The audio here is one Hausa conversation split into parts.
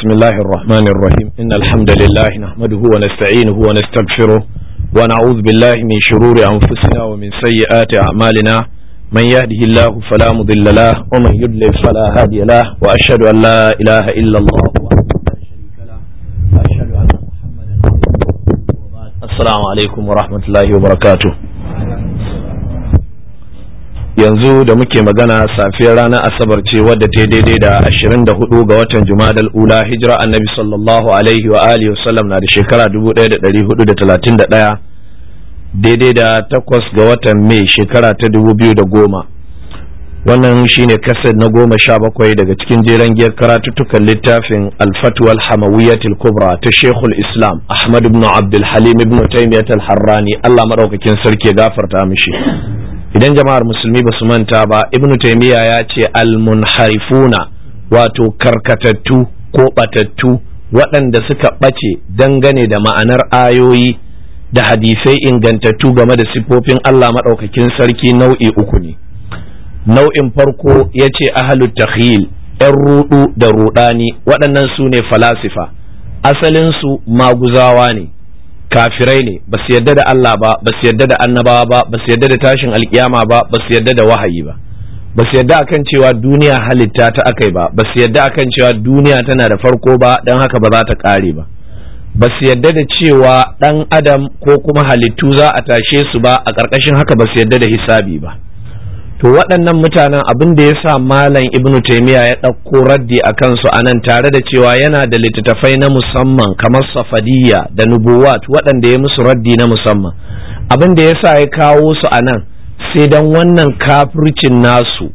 بسم الله الرحمن الرحيم إن الحمد لله نحمده ونستعينه ونستغفره ونعوذ بالله من شرور أنفسنا ومن سيئات أعمالنا من يهده الله فلا مضل له ومن يضلل فلا هادي له وأشهد أن لا إله إلا الله السلام عليكم ورحمة الله وبركاته yanzu da muke magana safiyar ranar asabar ce wadda ta daidai da 24 ga watan juma'a ula hijira annabi sallallahu alaihi wa alihi wasallam na da shekara 1431 daidai da takwas ga watan mai shekara ta 2010 wannan shine kasar na goma sha bakwai daga cikin jeren giyar karatuttukan littafin alfatuwal hamawiyatul kubra ta shekul islam ahmad ibn abdul halim ibn taimiyat al-harrani allah maɗaukakin sarki gafarta mishi idan jama'ar musulmi ba su manta ba ibnu taimiyya ya ce almunharifuna wato karkatattu ko batattu waɗanda suka ɓace dangane da ma'anar ayoyi da hadisai ingantattu game da siffofin Allah maɗaukakin sarki nau'i uku ne nau'in farko ya ce ahalut 'yan ruɗu da ruɗani waɗannan su ne falasifa asalinsu maguzawa ne kafirai ne ba su yarda da Allah ba ba su yarda da annabawa ba ba su yarda da tashin alkiyama ba ba su yarda da wahayi ba ba su yarda akan cewa duniya halitta ta akai ba ba su yarda akan cewa duniya tana da farko ba dan haka ba za ta kare ba ba su yarda da cewa ɗan adam ko kuma halittu za a tashe su ba a ƙarƙashin haka ba su yarda da hisabi ba to waɗannan mutanen abin da ya sa malam ibnu taimiyya ya ɗauko raddi a kansu a nan tare da cewa yana da littattafai na musamman kamar safadiyya da nubuwat waɗanda ya musu raddi na musamman abin da ya sa ya kawo su a nan sai don wannan kafircin nasu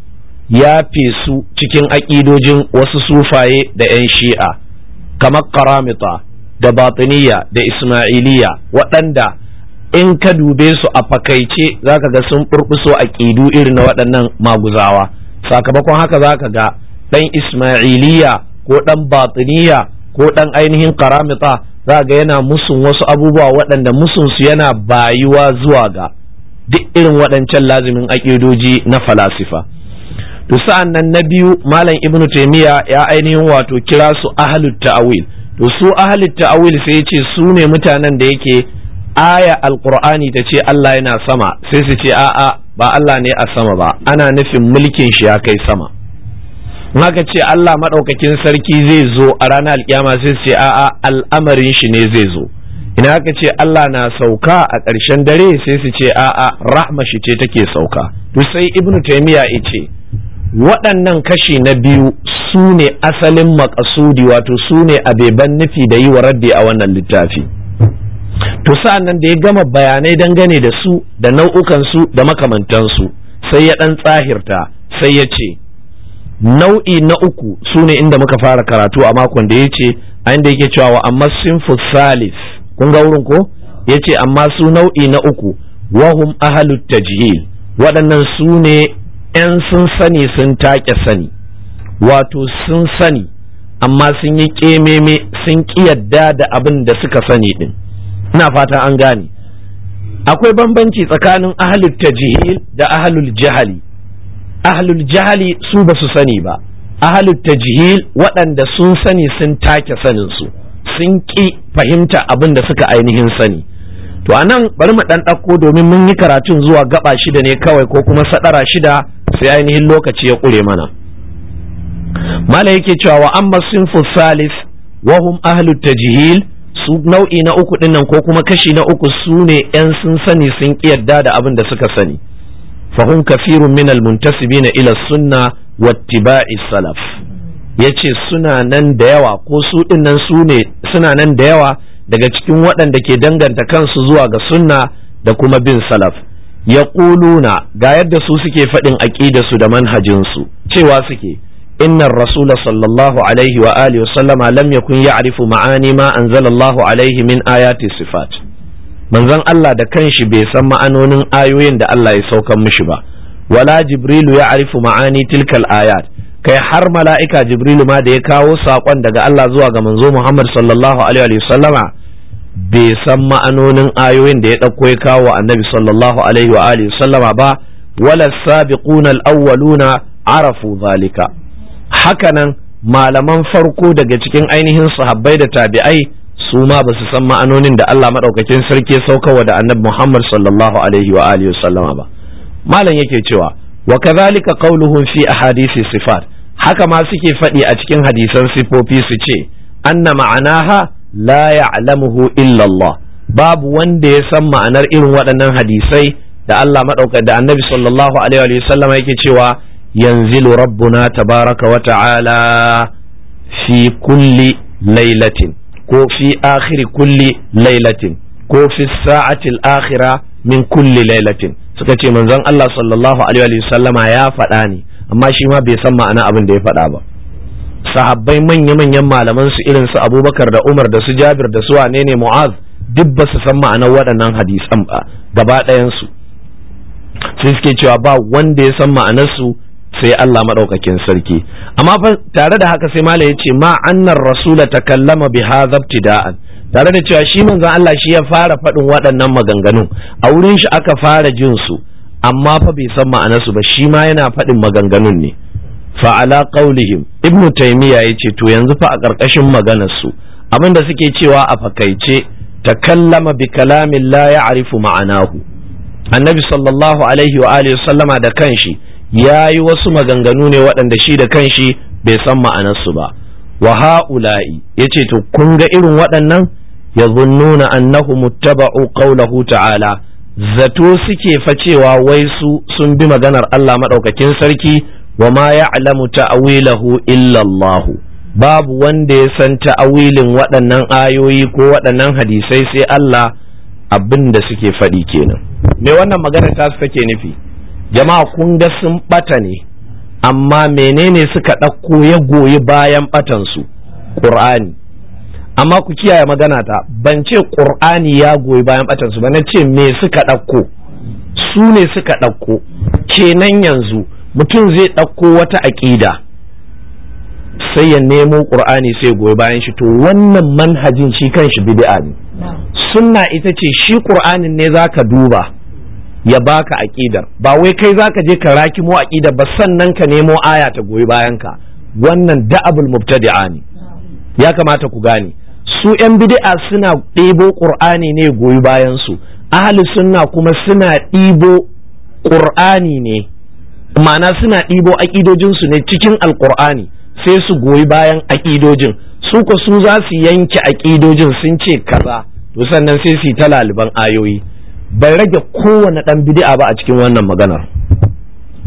ya fi su cikin aƙidojin wasu sufaye da 'yan shi'a kamar karamita da batiniya da ismailiya waɗanda in ka dube su a fakaice za ka ga sun burbuso ƙidu irin na waɗannan maguzawa sakamakon haka za ka ga ɗan ismailiya ko ɗan batiniya ko ɗan ainihin karamita za ga yana musun wasu abubuwa waɗanda musunsu yana bayuwa zuwa ga duk irin waɗancan lazimin aƙidoji na falasifa to sa'an nan na biyu malam ibnu taimiya ya ainihin wato kira su ahlut ta'awil to su ahlut ta'awil sai ce su ne mutanen da yake aya alqur'ani ta ce Allah yana sama sai su ce a'a ba Allah ne a sama ba ana nufin mulkin shi ya kai sama haka ce Allah maɗaukakin sarki zai zo a ranar alkiyama sai su ce a'a al'amarin shi ne zai zo ina haka ce Allah na sauka a ƙarshen dare sai su ce a'a rahma shi ce take sauka to sai ibnu taymiya yace waɗannan kashi na biyu su ne asalin makasudi wato su ne abeban nufi da yi wa raddi a wannan littafi to sa'an nan da ya gama bayanai dangane da su da nau'ukansu da makamantansu sai ya ɗan tsahirta sai ya ce nau'i na uku su ne inda muka fara karatu a makon da ya ce a inda yake cewa wa amma sinfu salis kun ga wurin ko ya ce amma su nau'i na uku wahum ahalu tajhil waɗannan su ne 'yan sun sani sun take sani wato sun sani amma sun yi ƙememe sun ƙi yadda da abin da suka sani ɗin ina fata an gane akwai bambanci tsakanin ahlul tajhil da ahlul jahali ahlul jahali su ba su sani ba ahlul tajhil waɗanda sun sani sun take sanin su sun ƙi fahimta abin da suka ainihin sani to a nan bari mu ɗan ɗauko domin mun yi karatun zuwa gaba shida ne kawai ko kuma saɗara shida sai ainihin lokaci ya ƙure mana mala yake cewa wa amma sinfu salis wa hum ahlut tajhil su nau'i na uku dinnan ko kuma kashi na uku su ne 'yan sun sani sun ƙi yadda da abin da suka sani fahun kafirun min na ila sunna tiba'i salaf yace suna nan da yawa ko su dinnan su ne suna nan da yawa daga cikin waɗanda ke danganta kansu zuwa ga sunna da kuma bin salaf ya ga yadda su suke faɗin aƙidarsu da manhajinsu cewa suke Innan rasul sallallahu alaihi wa alihi wa sallama lam yakun ya'rifu ma'ani ma anzalallahu alaihi min ayati sifat manzon Allah da kanshi bai san ma'anonin ayoyin da Allah ya saukan mishi ba wala jibrilu ya'rifu ma'ani tilkal ayat kai har mala'ika jibrilu ma da ya kawo saƙon daga Allah zuwa ga manzo Muhammad sallallahu alaihi sallama bai san ma'anonin ayoyin da ya ɗauko ya kawo annabi sallallahu alaihi wa alihi sallama ba wala sabiquna al-awwaluna arafu zalika hakanan malaman farko daga cikin ainihin sahabbai da tabi'ai su ma ba su san ma'anonin da Allah maɗaukakin sarki saukawa da annabi Muhammad sallallahu alaihi wa alihi sallama ba malam yake cewa wa kadhalika qawluhum fi ahadisi sifat haka ma suke faɗi a cikin hadisan sifofi su ce anna ma'anaha la ya'lamuhu illa Allah babu wanda ya san ma'anar irin waɗannan hadisai da Allah maɗauka da annabi sallallahu alaihi wa sallama yake cewa yanzilu rabbuna tabaraka wa ta'ala fi kulli lailatin ko fi akhiri kulli lailatin ko fi sa'atil akhira min kulli lailatin suka ce manzon Allah sallallahu alaihi ya faɗa ni amma shi ma bai san ma'ana abin da ya faɗa ba sahabbai manya-manyan malaman su irin su abubakar da umar da su jabir da su wane ne mu'az duk ba su san ma'anar waɗannan hadisan ba gaba ɗayansu sai suke cewa ba wanda ya san ma'anarsu sai Allah maɗaukakin sarki amma tare da haka sai malam yace ma annar rasul kallama bi hadha ibtida'an tare da cewa shi manzon Allah shi ya fara faɗin waɗannan maganganun a wurin shi aka fara jin su amma fa bai san ma'anarsu ba shi ma yana faɗin maganganun ne fa ala qaulihim ibnu taymiya yace to yanzu fa a ƙarƙashin maganar su abinda suke cewa a fakaice takallama bi kalamin la ya'rifu ma'anahu annabi sallallahu alaihi wa alihi sallama da kanshi ya yi wasu maganganu ne waɗanda shi da kanshi bai san ma'anarsu ba wa ha'ula'i ya ce to kun ga irin waɗannan ya zunnuna annahu muttaba'u qaulahu ta'ala zato suke fa cewa wai su sun bi maganar Allah maɗaukakin sarki wa ma ya'lamu ta'wilahu illa Allah babu wanda ya san ta'awilin waɗannan ayoyi ko waɗannan hadisai sai Allah abin da suke faɗi kenan me wannan magana ta take nufi jama'a kun ga sun bata ne amma menene suka ɗauko ya goyi bayan batansu ƙur'ani amma ku kiyaye magana ta ban ce ƙur'ani ya goyi bayan batansu ba na ce me suka ɗauko su ne suka ɗauko kenan yanzu mutum zai ɗauko wata aƙida sai ya nemo ƙur'ani sai goyi bayan shi to wannan manhajin shi kanshi shi bid'a ne sunna ita ce shi ƙur'anin ne za ka duba ya baka aƙidar ba wai kai zaka je ka mu aƙidar ba sannan ka nemo aya ta goyi bayan ka wannan da'abul mubtadi'a ne ya kamata ku gane su 'yan bid'a suna ɗebo qur'ani ne goyi bayan su ahli sunna kuma suna ɗibo qur'ani ne ma'ana suna ɗibo aƙidojinsu ne cikin alƙur'ani sai su goyi bayan aƙidojin su ko su za su yanke aƙidojin sun ce kaza to sannan sai su yi ta laliban ayoyi bai rage kowane ɗan bidi'a ba a cikin wannan maganar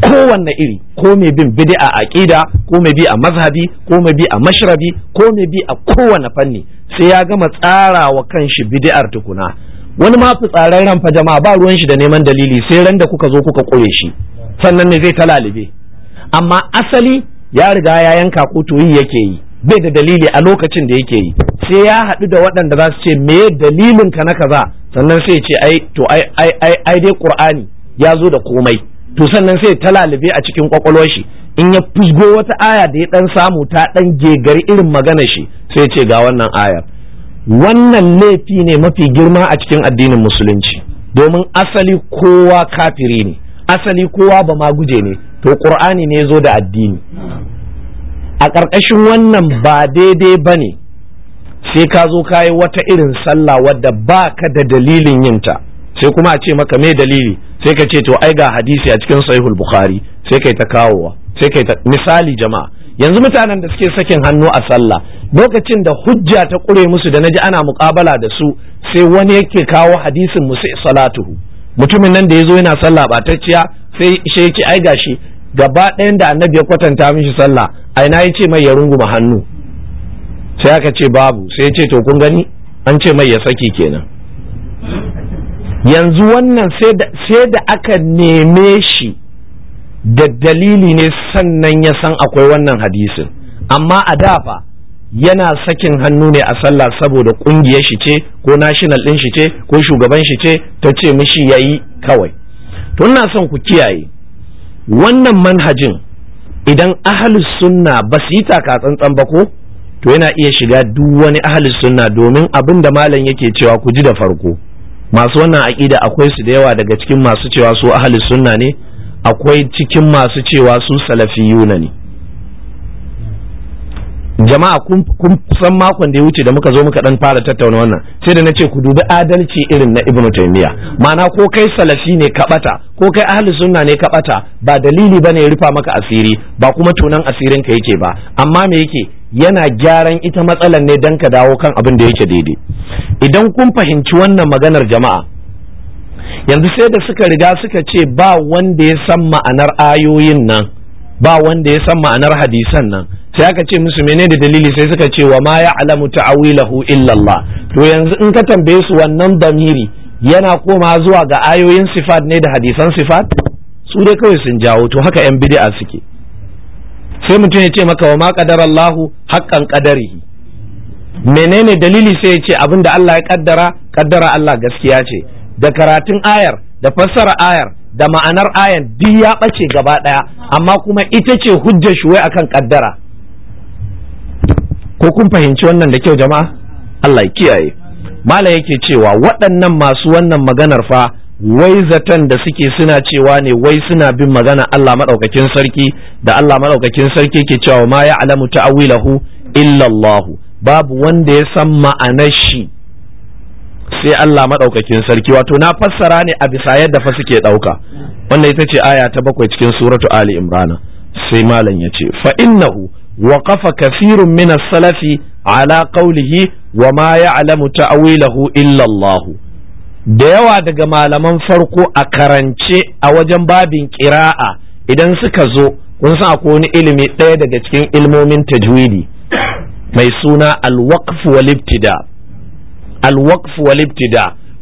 kowanne iri ko mai bin bidi'a a ƙida ko mai bi a mazhabi ko mai bi a mashrabi ko mai bi a kowane fanni sai ya gama tsara wa shi bidi'ar tukuna wani ma fitsaren ran fa jama'a ba ruwan shi da neman dalili sai ran da kuka zo kuka koye shi sannan ne zai ta lalibe amma asali ya riga ya yanka kutoyi yake yi bai da dalili a lokacin da yake yi sai ya haɗu da waɗanda za su ce me dalilin ka na kaza sannan sai ce ai to ai ai ai dai qur'ani ya zo da komai to sannan sai ta lalube a cikin kwakwalwar shi in ya fusgo wata aya da ya dan samu ta dan gegari irin magana shi sai ce ga wannan aya wannan laifi ne mafi girma a cikin addinin musulunci domin asali kowa kafiri ne asali kowa ba ma guje ne to qur'ani ne zo da addini a ƙarƙashin wannan ba daidai ba sai ka zo ka yi wata irin sallah wadda ba ka da dalilin yinta sai kuma a ce maka me dalili sai ka ce to ai ga hadisi a cikin sahihul bukhari sai kai ta kawowa sai kai ta misali jama'a yanzu mutanen da suke sakin hannu a sallah lokacin da hujja ta kure musu da naji ana muƙabala da su sai wani yake kawo hadisin musu salatuhu mutumin nan da ya zo yana sallah batacciya sai shi ya ai gashi gaba ɗayan da annabi ya kwatanta mishi sallah aina ya ce mai ya runguma hannu sai aka ce babu sai ya ce to kun gani an ce mai ya saki kenan yanzu wannan sai da aka neme shi da dalili ne sannan ya san akwai wannan hadisin amma a dafa yana sakin hannu ne a sallah saboda kungiyar shi ce ko national ɗin shi ce ko shugaban shi ce ta ce mishi yi kawai tunna son ku kiyaye wannan manhajin idan ahalus sunna ba su yi taka tsantsan ba ko to yana iya shiga duk wani ahalis sunna domin abin da malam yake cewa ku ji da farko masu wannan aƙida akwai su da yawa daga cikin masu cewa su ahalis sunna ne akwai cikin masu cewa su salafiyuna ne jama'a kun san makon da ya wuce da muka zo muka dan fara tattauna wannan sai da na ce ku dubi adalci irin na ibnu taymiya ma'ana ko kai salafi ne ka bata ko kai ahli sunna ne ka bata ba dalili bane ya rufa maka asiri ba kuma tunan asirin ka yake ba amma me yake yana gyaran ita matsalar ne don ka dawo kan abin da yake daidai idan kun fahimci wannan maganar jama'a yanzu sai da suka riga suka ce ba wanda ya san ma'anar ayoyin nan ba wanda ya san ma'anar hadisan nan sai aka ce musu mene da dalili sai suka ce wa ma ya alamu ta'awilahu illallah to yanzu in ka tambaye su wannan damiri yana koma zuwa ga ayoyin sifat ne da hadisan sifat su dai kawai sun jawo to haka yan bid'a suke sai mutum ya ce maka wa ma qadara Allahu haqqan menene dalili sai ya ce abin da Allah ya kaddara kaddara Allah gaskiya ce da karatun ayar da fassara ayar da ma'anar ayar duk ya ɓace gaba ɗaya amma kuma ita ce hujjar shi wai akan kaddara ko kun fahimci wannan da kyau jama'a Allah ya kiyaye mala yake cewa waɗannan masu wannan maganar fa wai zaton da suke suna cewa ne wai suna bin magana Allah maɗaukakin sarki da Allah maɗaukakin sarki ke cewa ma ya alamu ta'awilahu illallahu babu wanda ya san ma'anar shi sai Allah maɗaukakin sarki wato na fassara ne a bisa yadda fa suke ɗauka wannan ita ce aya ta bakwai cikin suratu Ali Imrana sai malam ya ce fa innahu waqafa kathirun min as-salafi ala qawlihi wa ma ya'lamu ta'awilahu illallahu da yawa daga malaman farko a karance a wajen babin kira'a idan suka zo kun san akwai wani ilimi ɗaya daga cikin ilmomin tajwidi mai suna alwakfu wal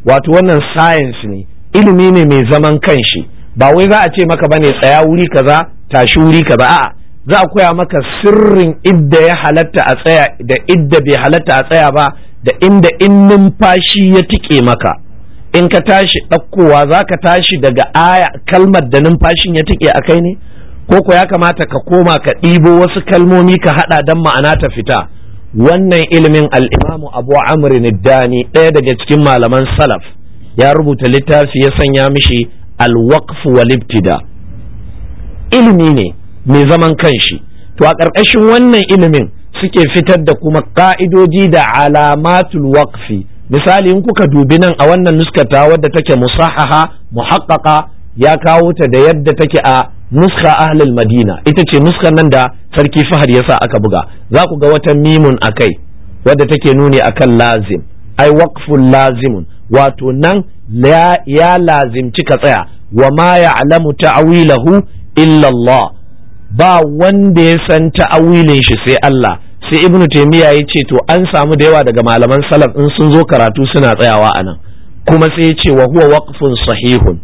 wato wannan science ne ilimi ne mai zaman kanshi ba wai za a ce maka bane tsaya wuri kaza tashi wuri kaza a'a za a koya maka sirrin idda ya halatta a tsaya da idda bai halatta a tsaya ba da inda in numfashi ya tike maka in ka tashi ɗaukowa za ka tashi daga aya kalmar da numfashin ya tike a kai ne ko ko ya kamata ka koma ka ɗibo wasu kalmomi ka haɗa don ma'ana ta fita wannan ilimin al'imamu abu amrin niddani ɗaya daga cikin malaman salaf ya rubuta littafi ya sanya mishi alwaqf walibtida. ilimi ne mai zaman kanshi to a ƙarƙashin wannan ilimin suke fitar da kuma ƙa'idoji da alamatul waqfi misali in kuka dubi nan a wannan nuskata wadda take musahaha muhaqqaqa ya kawo ta da yadda take a nuska ahlul madina ita ce nuskar nan da sarki fahad ya sa aka buga za ku ga wata mimun a kai wadda take nuni akan lazim ai waqful lazimun wato nan ya lazimci ka tsaya wa ma ya'lamu ta'wilahu illa Allah ba wanda ya san ta'awilin shi sai Allah sai ibn taymiya ya ce to an samu da yawa daga malaman salaf in sun zo karatu suna tsayawa a nan kuma sai ya ce wa huwa waqfun sahihun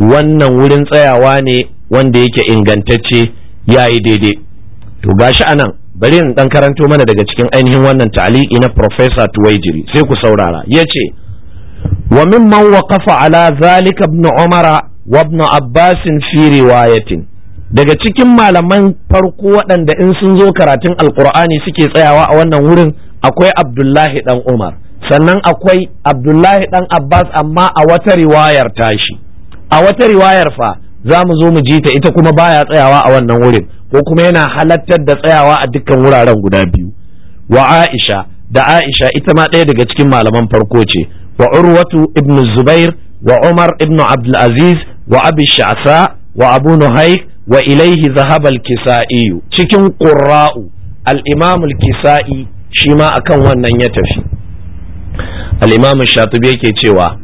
wannan wurin tsayawa ne wanda yake ingantacce yayi daidai to gashi anan bari in dan karanto mana daga cikin ainihin wannan ta'liqi na professor Tuwaijiri sai ku saurara yace wa mimman waqafa ala zalika ibn umara wa ibn abbas fi riwayatin daga cikin malaman farko waɗanda in sun zo karatun alkur'ani suke tsayawa a wannan wurin akwai abdullahi ɗan umar sannan akwai abdullahi ɗan abbas amma a wata riwayar tashi a wata riwayar fa za mu zo mu ji ta ita kuma baya tsayawa a wannan wurin ko kuma yana halattar da tsayawa a dukkan wuraren guda biyu wa aisha da aisha ita ma ɗaya daga cikin malaman farko ce wa urwatu ibnu zubair wa umar ibn abdulaziz wa abi sha'sa wa abu nuhaik wa ilaihi zahabal kisa'i cikin qurra'u al-imam al-kisa'i shi ma akan wannan ya tafi al-imam shatibi yake cewa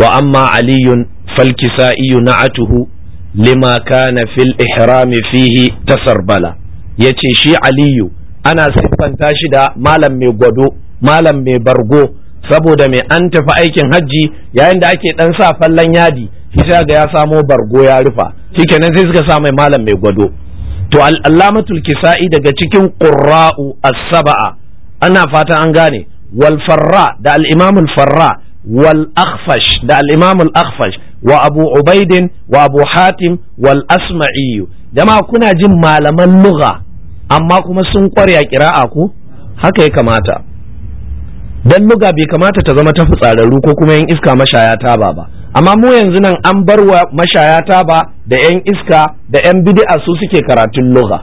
wa amma aliyun fal kisa'i na'atuhu lima kana fil ihram fihi tasarbala yace shi aliyu ana siffanta shi da malam mai gwado malam mai bargo saboda mai an tafi aikin hajji yayin da ake dan sa fallan yadi shi ga ya samo bargo ya rufa shikenan sai suka sa mai malam mai gwado to al'amatul kisa'i daga cikin ƙura'u as-saba'a ana fata an gane wal farra da al farra wal akhfash da al-imam akhfash wa abu ubaidin wa abu hatim wal asma'i jama'a kuna jin malaman lugha amma kuma sun kware a kira'a ku haka ya kamata dan luga bai kamata ta zama ta fitsararru ko kuma yin iska mashaya ta ba ba amma mu yanzu nan an bar wa mashayata ba da 'yan iska da 'yan bid'a su suke karatun lugha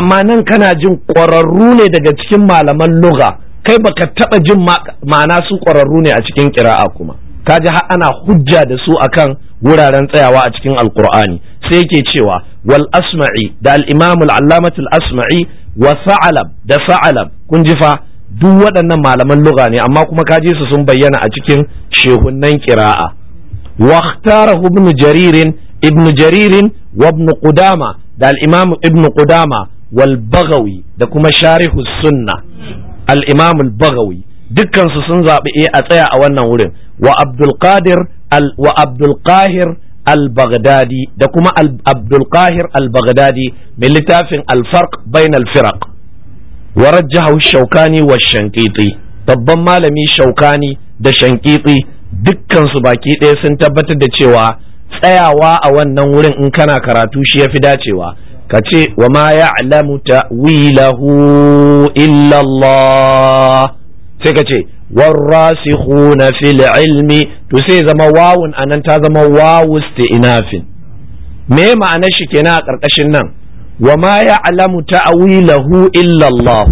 amma nan kana jin ƙwararru ne daga cikin malaman lugha kai baka taɓa jin ma'ana su ƙwararru ne a cikin ƙira'a kuma ka ji har ana hujja da su akan wuraren tsayawa a cikin alƙur'ani sai yake cewa wal asma'i da al-imam allamatul asma'i wa sa'alab da sa'alab kun ji fa duk waɗannan malaman lugha ne amma kuma ka je su sun bayyana a cikin shehunnan kira'a waktara ibn jaririn ibn jaririn wa qudama da al-imam ibn qudama wal bagawi da kuma sharihu sunna al-imam al-bagawi sun zaɓi eh a tsaya a wannan wurin wa abdul al wa abdul qahir al-baghdadi da kuma Abdulkahir qahir al-baghdadi min littafin al-farq Firak. wa rajjahu shaukani wa shankiti babban malami shaukani da shankiti dukkansu baki ɗaya sun tabbatar da cewa tsayawa a wannan wurin in kana karatu shi ya fi dacewa ka ce wa ma ya'lamu ta'wilahu illa Allah sai ka ce warrasikhuna fil ilmi to sai zama wawun anan ta zama wawu isti'nafin me ma'anar shi kenan a karkashin nan wa ma alamu ta'wilahu illa Allah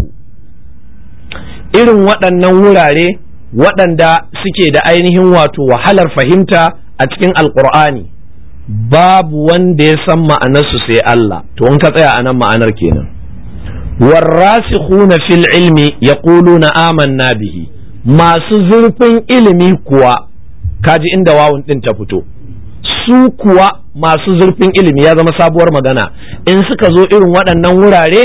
irin waɗannan wurare waɗanda suke da ainihin wato wahalar fahimta a cikin Alƙur'ani babu wanda ya san ma'anarsu sai Allah to in ka tsaya a nan ma'anar kenan warrasikhuna fil ilmi yaquluna amanna bihi masu zurfin ilimi kuwa kaji inda wawun din ta fito su kuwa masu zurfin ilimi ya zama sabuwar magana in suka zo irin waɗannan wurare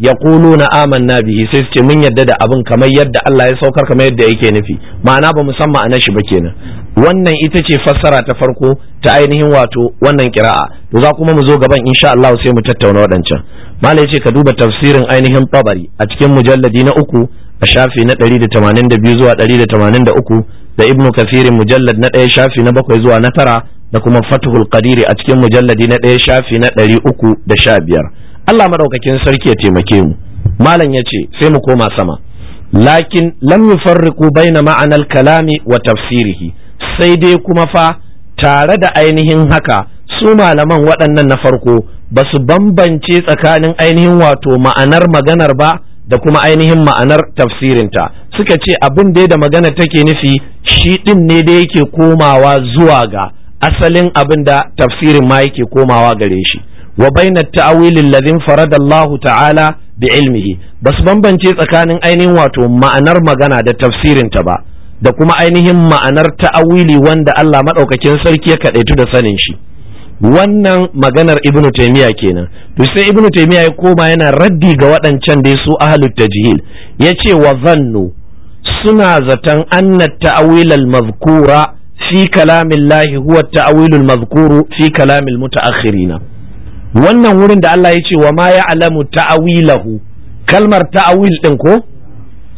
ya kulu na aman na bihi sai su ce mun yadda da abin kamar yadda Allah ya saukar kamar yadda yake nufi ma'ana ba musamman ma'ana shi ba kenan wannan ita ce fassara ta farko ta ainihin wato wannan kira'a to za kuma mu zo gaban insha Allah sai mu tattauna waɗancan malai ce ka duba tafsirin ainihin tabari a cikin mujalladi na uku a shafi na 182 zuwa 183 da ibnu kasirin mujallad na ɗaya shafi na bakwai zuwa na tara da kuma fathul qadiri a cikin mujalladi na ɗaya shafi na ɗari uku da sha biyar Allah madaukakin sarki ya taimake mu malam ya ce sai mu koma sama lakin lam yufarriqu baina ma'anar kalami wa tafsirihi sai dai kuma fa tare da ainihin haka su malaman waɗannan na farko ba su bambance tsakanin ainihin wato ma'anar maganar ba da kuma ainihin ma'anar tafsirinta suka ce abin dai da magana take nufi shi ɗin ne da yake komawa zuwa ga asalin abin da tafsirin ma yake komawa gare shi wa baina ta'awilin ladin faradallahu ta'ala bi ilmihi ba su bambance tsakanin ainihin wato ma'anar magana da tafsirin ta ba da kuma ainihin ma'anar ta'awili wanda Allah madaukakin sarki ya kadaitu da sanin shi wannan maganar ibnu taymiya kenan to sai ibnu taymiya ya koma yana raddi ga waɗancan da su ahlut tajhil yace wa zannu suna zaton anna ta'awilal mazkura fi kalamin lahi huwa ta'awilul mazkuru fi kalamil mutaakhirina wannan wurin da Allah ya ce wa ma alamu ta'awilahu kalmar ta'awil din ko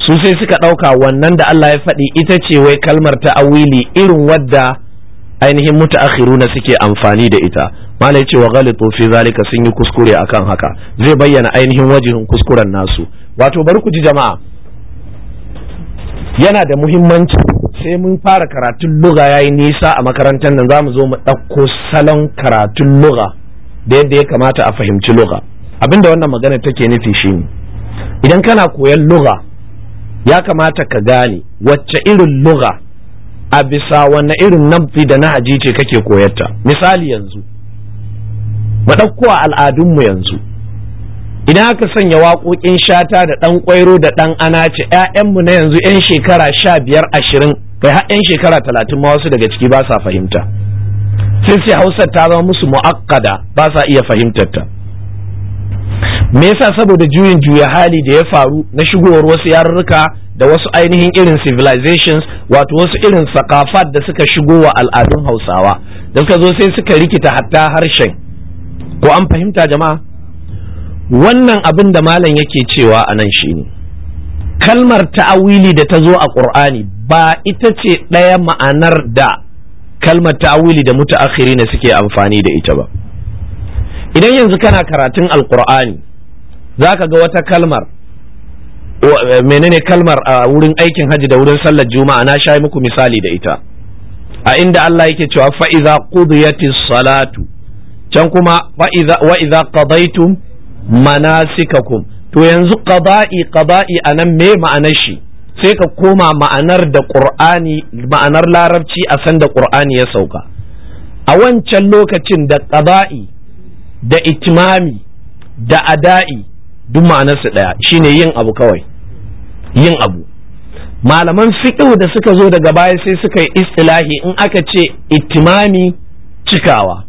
su sai suka ɗauka wannan da Allah ya faɗi ita ce wai kalmar ta'awili irin wadda ainihin na suke amfani da ita mala ya ce wa ghalitu fi zalika sun yi kuskure akan haka zai bayyana ainihin wajihin kuskuren nasu wato bari ku ji jama'a yana da muhimmanci sai mun fara karatun luga yayi nisa a makarantar nan za mu zo mu ɗauko salon karatun luga da yadda ya kamata a fahimci luga abinda wannan magana take nufi shine idan kana koyan luga ya kamata ka gane wacce irin luga a bisa wanne irin namfi da nahaji ce kake koyarta misali yanzu mu ɗauko al'adunmu yanzu idan aka sanya waƙoƙin shata da ɗan ƙwairo da ɗan ana anace ‘ya'yanmu na yanzu ‘yan shekara sha biyar ashirin kai har ‘yan shekara talatin ma wasu daga ciki ba sa fahimta sai sai hausar ta zama musu mu'akkada ba sa iya fahimtar ta me yasa saboda juyin juya hali da ya faru na shigowar wasu yarurruka da wasu ainihin irin civilizations wato wasu irin sakafat da suka shigo wa al'adun hausawa da suka zo sai suka rikita hatta harshen ko an fahimta jama'a wannan abin da malam yake cewa a nan ne kalmar ta'awili da ta zo a ƙur'ani ba ita ce ɗaya ma'anar da kalmar ta'awili da mutaakhiri ne suke amfani da ita ba idan yanzu kana karatun alƙur'ani za ka ga wata kalmar eh, menene kalmar a wurin aikin hajji da wurin sallar juma'a na sha muku misali da ita a inda Allah yake cewa fa'iza qudiyatis salatu can kuma wa'iza ƙadaitun manasikakum to yanzu qada'i qada'i anan me ma'anar shi sai ka koma ma'anar da qur'ani ma'anar larabci a san da qur'ani ya sauka a wancan lokacin da qada'i da itimami da ada'i duk ma'anarsu ɗaya shine yin abu kawai yin abu malaman fiqh da suka zo daga baya sai suka yi istilahi in aka ce itimami cikawa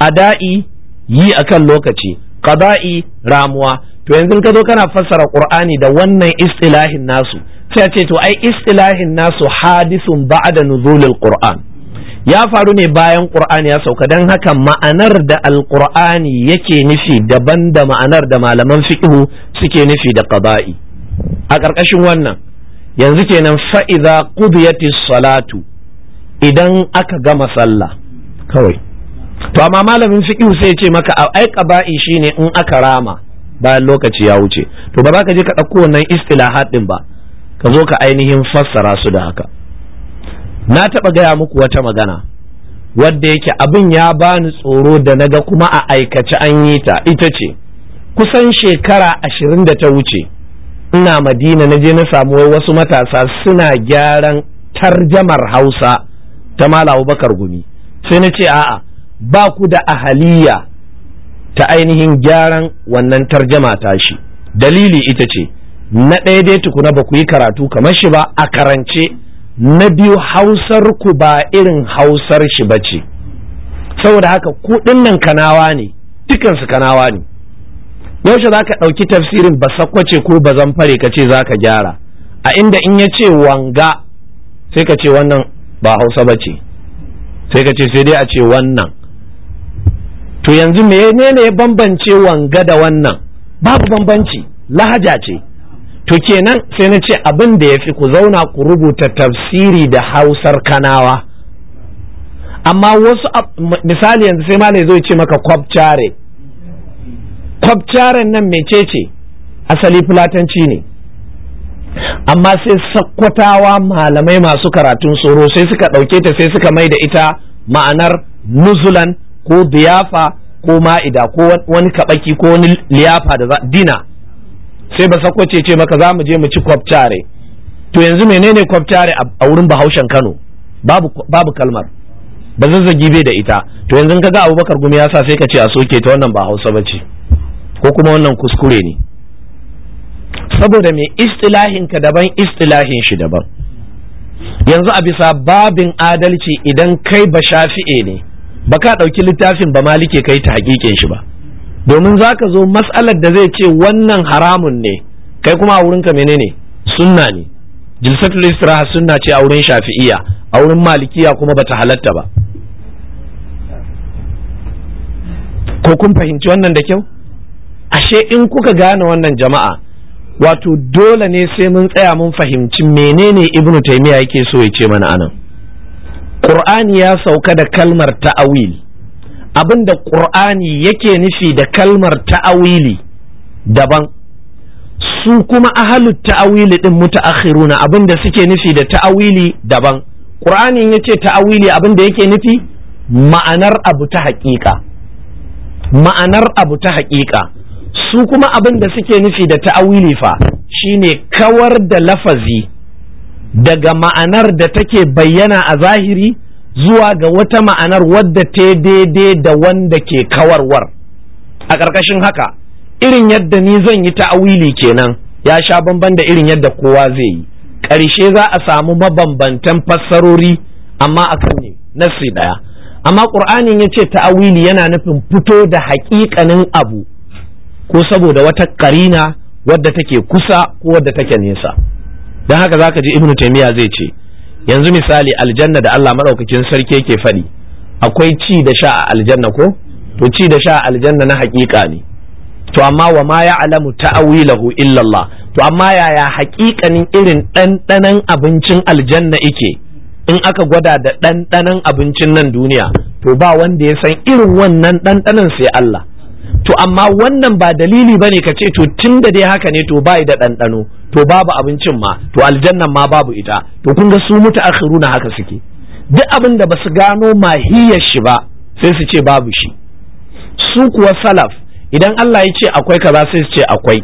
ada'i yi akan lokaci qada'i ramuwa to yanzu ka kana fassara qur'ani da wannan istilahin nasu sai ce to ai istilahin nasu hadisun ba'da nuzulil qur'an ya faru ne bayan qur'ani ya sauka dan haka ma'anar da alqur'ani yake nufi daban da ma'anar da malaman fiqh suke nufi da qada'i a ƙarƙashin wannan yanzu kenan fa'iza qudiyatis salatu idan aka gama sallah kawai to amma malamin fiqh sai ya ce maka ai qaba'i shine in aka rama bayan lokaci ya wuce to ba za ka je ka ɗauko wannan istilahat ɗin ba ka zo ka ainihin fassara su da haka na taɓa gaya muku wata magana wadda yake abin ya bani tsoro da naga kuma a aikace an yi ta ita ce kusan shekara ashirin da ta wuce ina madina na je na samu wasu matasa suna gyaran tarjamar hausa ta mala abubakar gumi sai na ce a'a ba ku da ahaliya ta ainihin gyaran wannan tarjama tashi dalili ita ce na ɗaya dai tukuna ba ku yi karatu kamar shi ba a karance na biyu hausar ku ba irin hausar shi ba ce saboda haka kuɗin nan kanawa ne dukansu kanawa ne yaushe za ka ɗauki tafsirin ba sakwace ko ba fare ka ce za ka gyara a inda in ya ce wanga sai ka ce wannan ba hausa ba ce sai ka ce sai dai a ce wannan to yanzu menene bambance wanga da wannan babu bambanci lahaja ce to kenan sai na ce abin da ya fi ku zauna ku rubuta tafsiri da hausar kanawa amma wasu misali yanzu sai malai zai ce maka kwabcare kwabcaren nan ce asali fulatanci ne amma sai sakkwatawa malamai masu karatun tsoro sai suka ɗauke ta sai suka mai da ita ma'anar nuzulan ko biyafa ko ma'ida ko wani kabaki ko wani liyafa da dina sai ba sakwace ce maka za mu je mu ci kwabtare to yanzu menene kwabtare a wurin bahaushen Kano babu kalmar ba zazzagi bai da ita to yanzu kaga Abubakar gumi ya sa sai ka ce a soke ta wannan ba Hausa bace ko kuma wannan kuskure ne saboda me istilahin ka daban istilahin shi daban yanzu a bisa babin adalci idan kai ba shafi'e ne ba ka ɗauki littafin ba malike kai ta haƙiƙin shi ba domin za ka zo matsalar da zai ce wannan haramun ne kai kuma a wurinka menene sunna ne jilsatul istiraha sunna ce a wurin shafi'iya a wurin malikiya kuma bata halatta ba ko kun fahimci wannan da kyau ashe in kuka gane wannan jama'a wato dole ne sai mun tsaya mun fahimci menene ibnu taymiya yake so ya ce mana anan ƙur'ani ya sauka da kalmar ta'awil abinda ƙur'ani yake nufi da kalmar ta'awili daban su kuma ahalut ta'awili din muta'akhiruna abinda suke nufi da ta'awili daban ƙur'anin yace ta'awili abinda yake nufi ma'anar abu ta haƙiƙa ma'anar abu ta haƙiƙa su kuma abinda suke nufi da ta'awili fa shine kawar da lafazi daga ma'anar da take bayyana a zahiri zuwa ga wata ma'anar wadda ta daidai da wanda ke kawarwar a ƙarƙashin haka irin yadda ni zan yi ta'awili kenan ya sha bamban da irin yadda kowa zai yi ƙarshe za a samu mabambantan fassarori amma a kan ne nassi ɗaya amma ƙur'anin ya ce ta'awili yana nufin fito da haƙiƙanin abu ko saboda wata ƙarina wadda take kusa ko wadda take nesa don haka za ka ji ibnu taimiyya zai ce yanzu misali aljanna da Allah maɗaukakin sarki ke faɗi akwai ci da sha a aljanna ko to ci da sha a aljanna na haƙiƙa ne to amma wa ma alamu ta'awilahu illallah to amma yaya haƙiƙanin irin ɗanɗanan abincin aljanna ike in aka gwada da ɗanɗanan abincin nan duniya to ba wanda ya san irin wannan ɗanɗanan sai Allah to amma wannan ba dalili bane ka ce to tun da dai haka ne to bai da ɗanɗano to babu abincin ma to aljannan ma babu ita to kun ga su na haka suke duk abin da basu gano mahiyar shi ba sai su ce babu shi su kuwa salaf idan Allah ya ce akwai kaza sai su ce akwai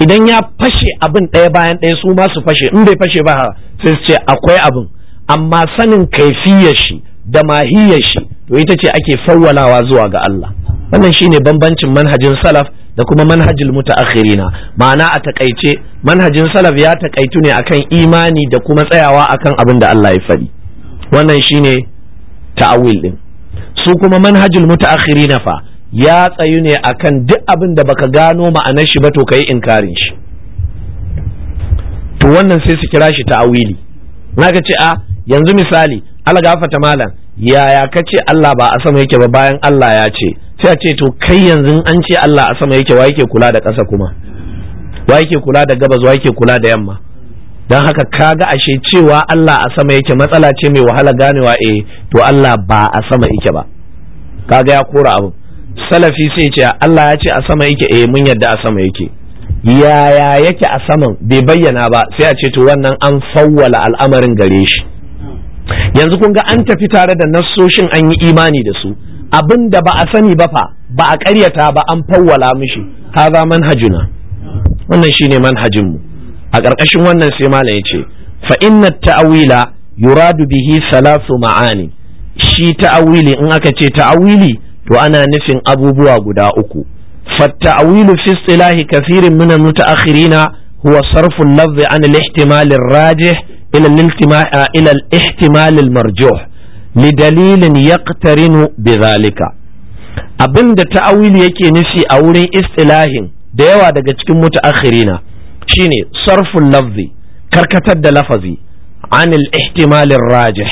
idan ya fashe abin ɗaya bayan ɗaya su ma su fashe in bai fashe ba sai su ce akwai abin amma sanin kaifiyar shi da mahiyar shi to ita ce ake fawwalawa zuwa ga Allah wannan shine bambancin manhajin salaf da kuma manhajin mutaakhirina ma'ana a takaice manhajin salaf ya takaitu ne akan imani da kuma tsayawa akan abin da Allah ya faɗi wannan shine ta'awil din su kuma manhajin mutaakhirina fa ya tsayu ne akan duk abin da baka gano ma'anar shi ba to kai inkarin shi to wannan sai su kira shi ta'awili Na ga ce a yanzu misali algafata malam yaya kace Allah ba a sama yake ba bayan Allah ya ce sai a ce to kai yanzu an ce Allah a sama yake wa kula da ƙasa kuma wa yake kula da gabas wa yake kula da yamma don haka kaga ashe cewa Allah a sama yake matsala ce mai wahala ganewa eh to Allah ba a sama yake ba kaga ya kora abu salafi sai ce Allah ya ce a sama yake eh mun yadda a sama yake yaya yake a saman bai bayyana ba sai a ce to wannan an fawwala al'amarin gare shi yanzu kun ga an tafi tare da nassoshin an yi imani da su abin da ba a sani ba fa ba a ƙaryata ba an fawwala mishi haza manhajuna wannan shine manhajinmu a ƙarƙashin wannan sai malam ya ce fa inna ta'wila yuradu bihi salasu ma'ani shi ta'awili in aka ce ta'awili to ana nufin abubuwa guda uku فالتأويل في اصطلاح كثير من المتأخرين هو صرف اللفظ عن الاحتمال الراجح إلى الاحتمال li dalilin yaqtarinu bi zalika abin da ta'awili yake nufi a wurin istilahin da yawa daga cikin mutaakhirina shine sarful lafzi karkatar da lafazi anil ihtimalin rajih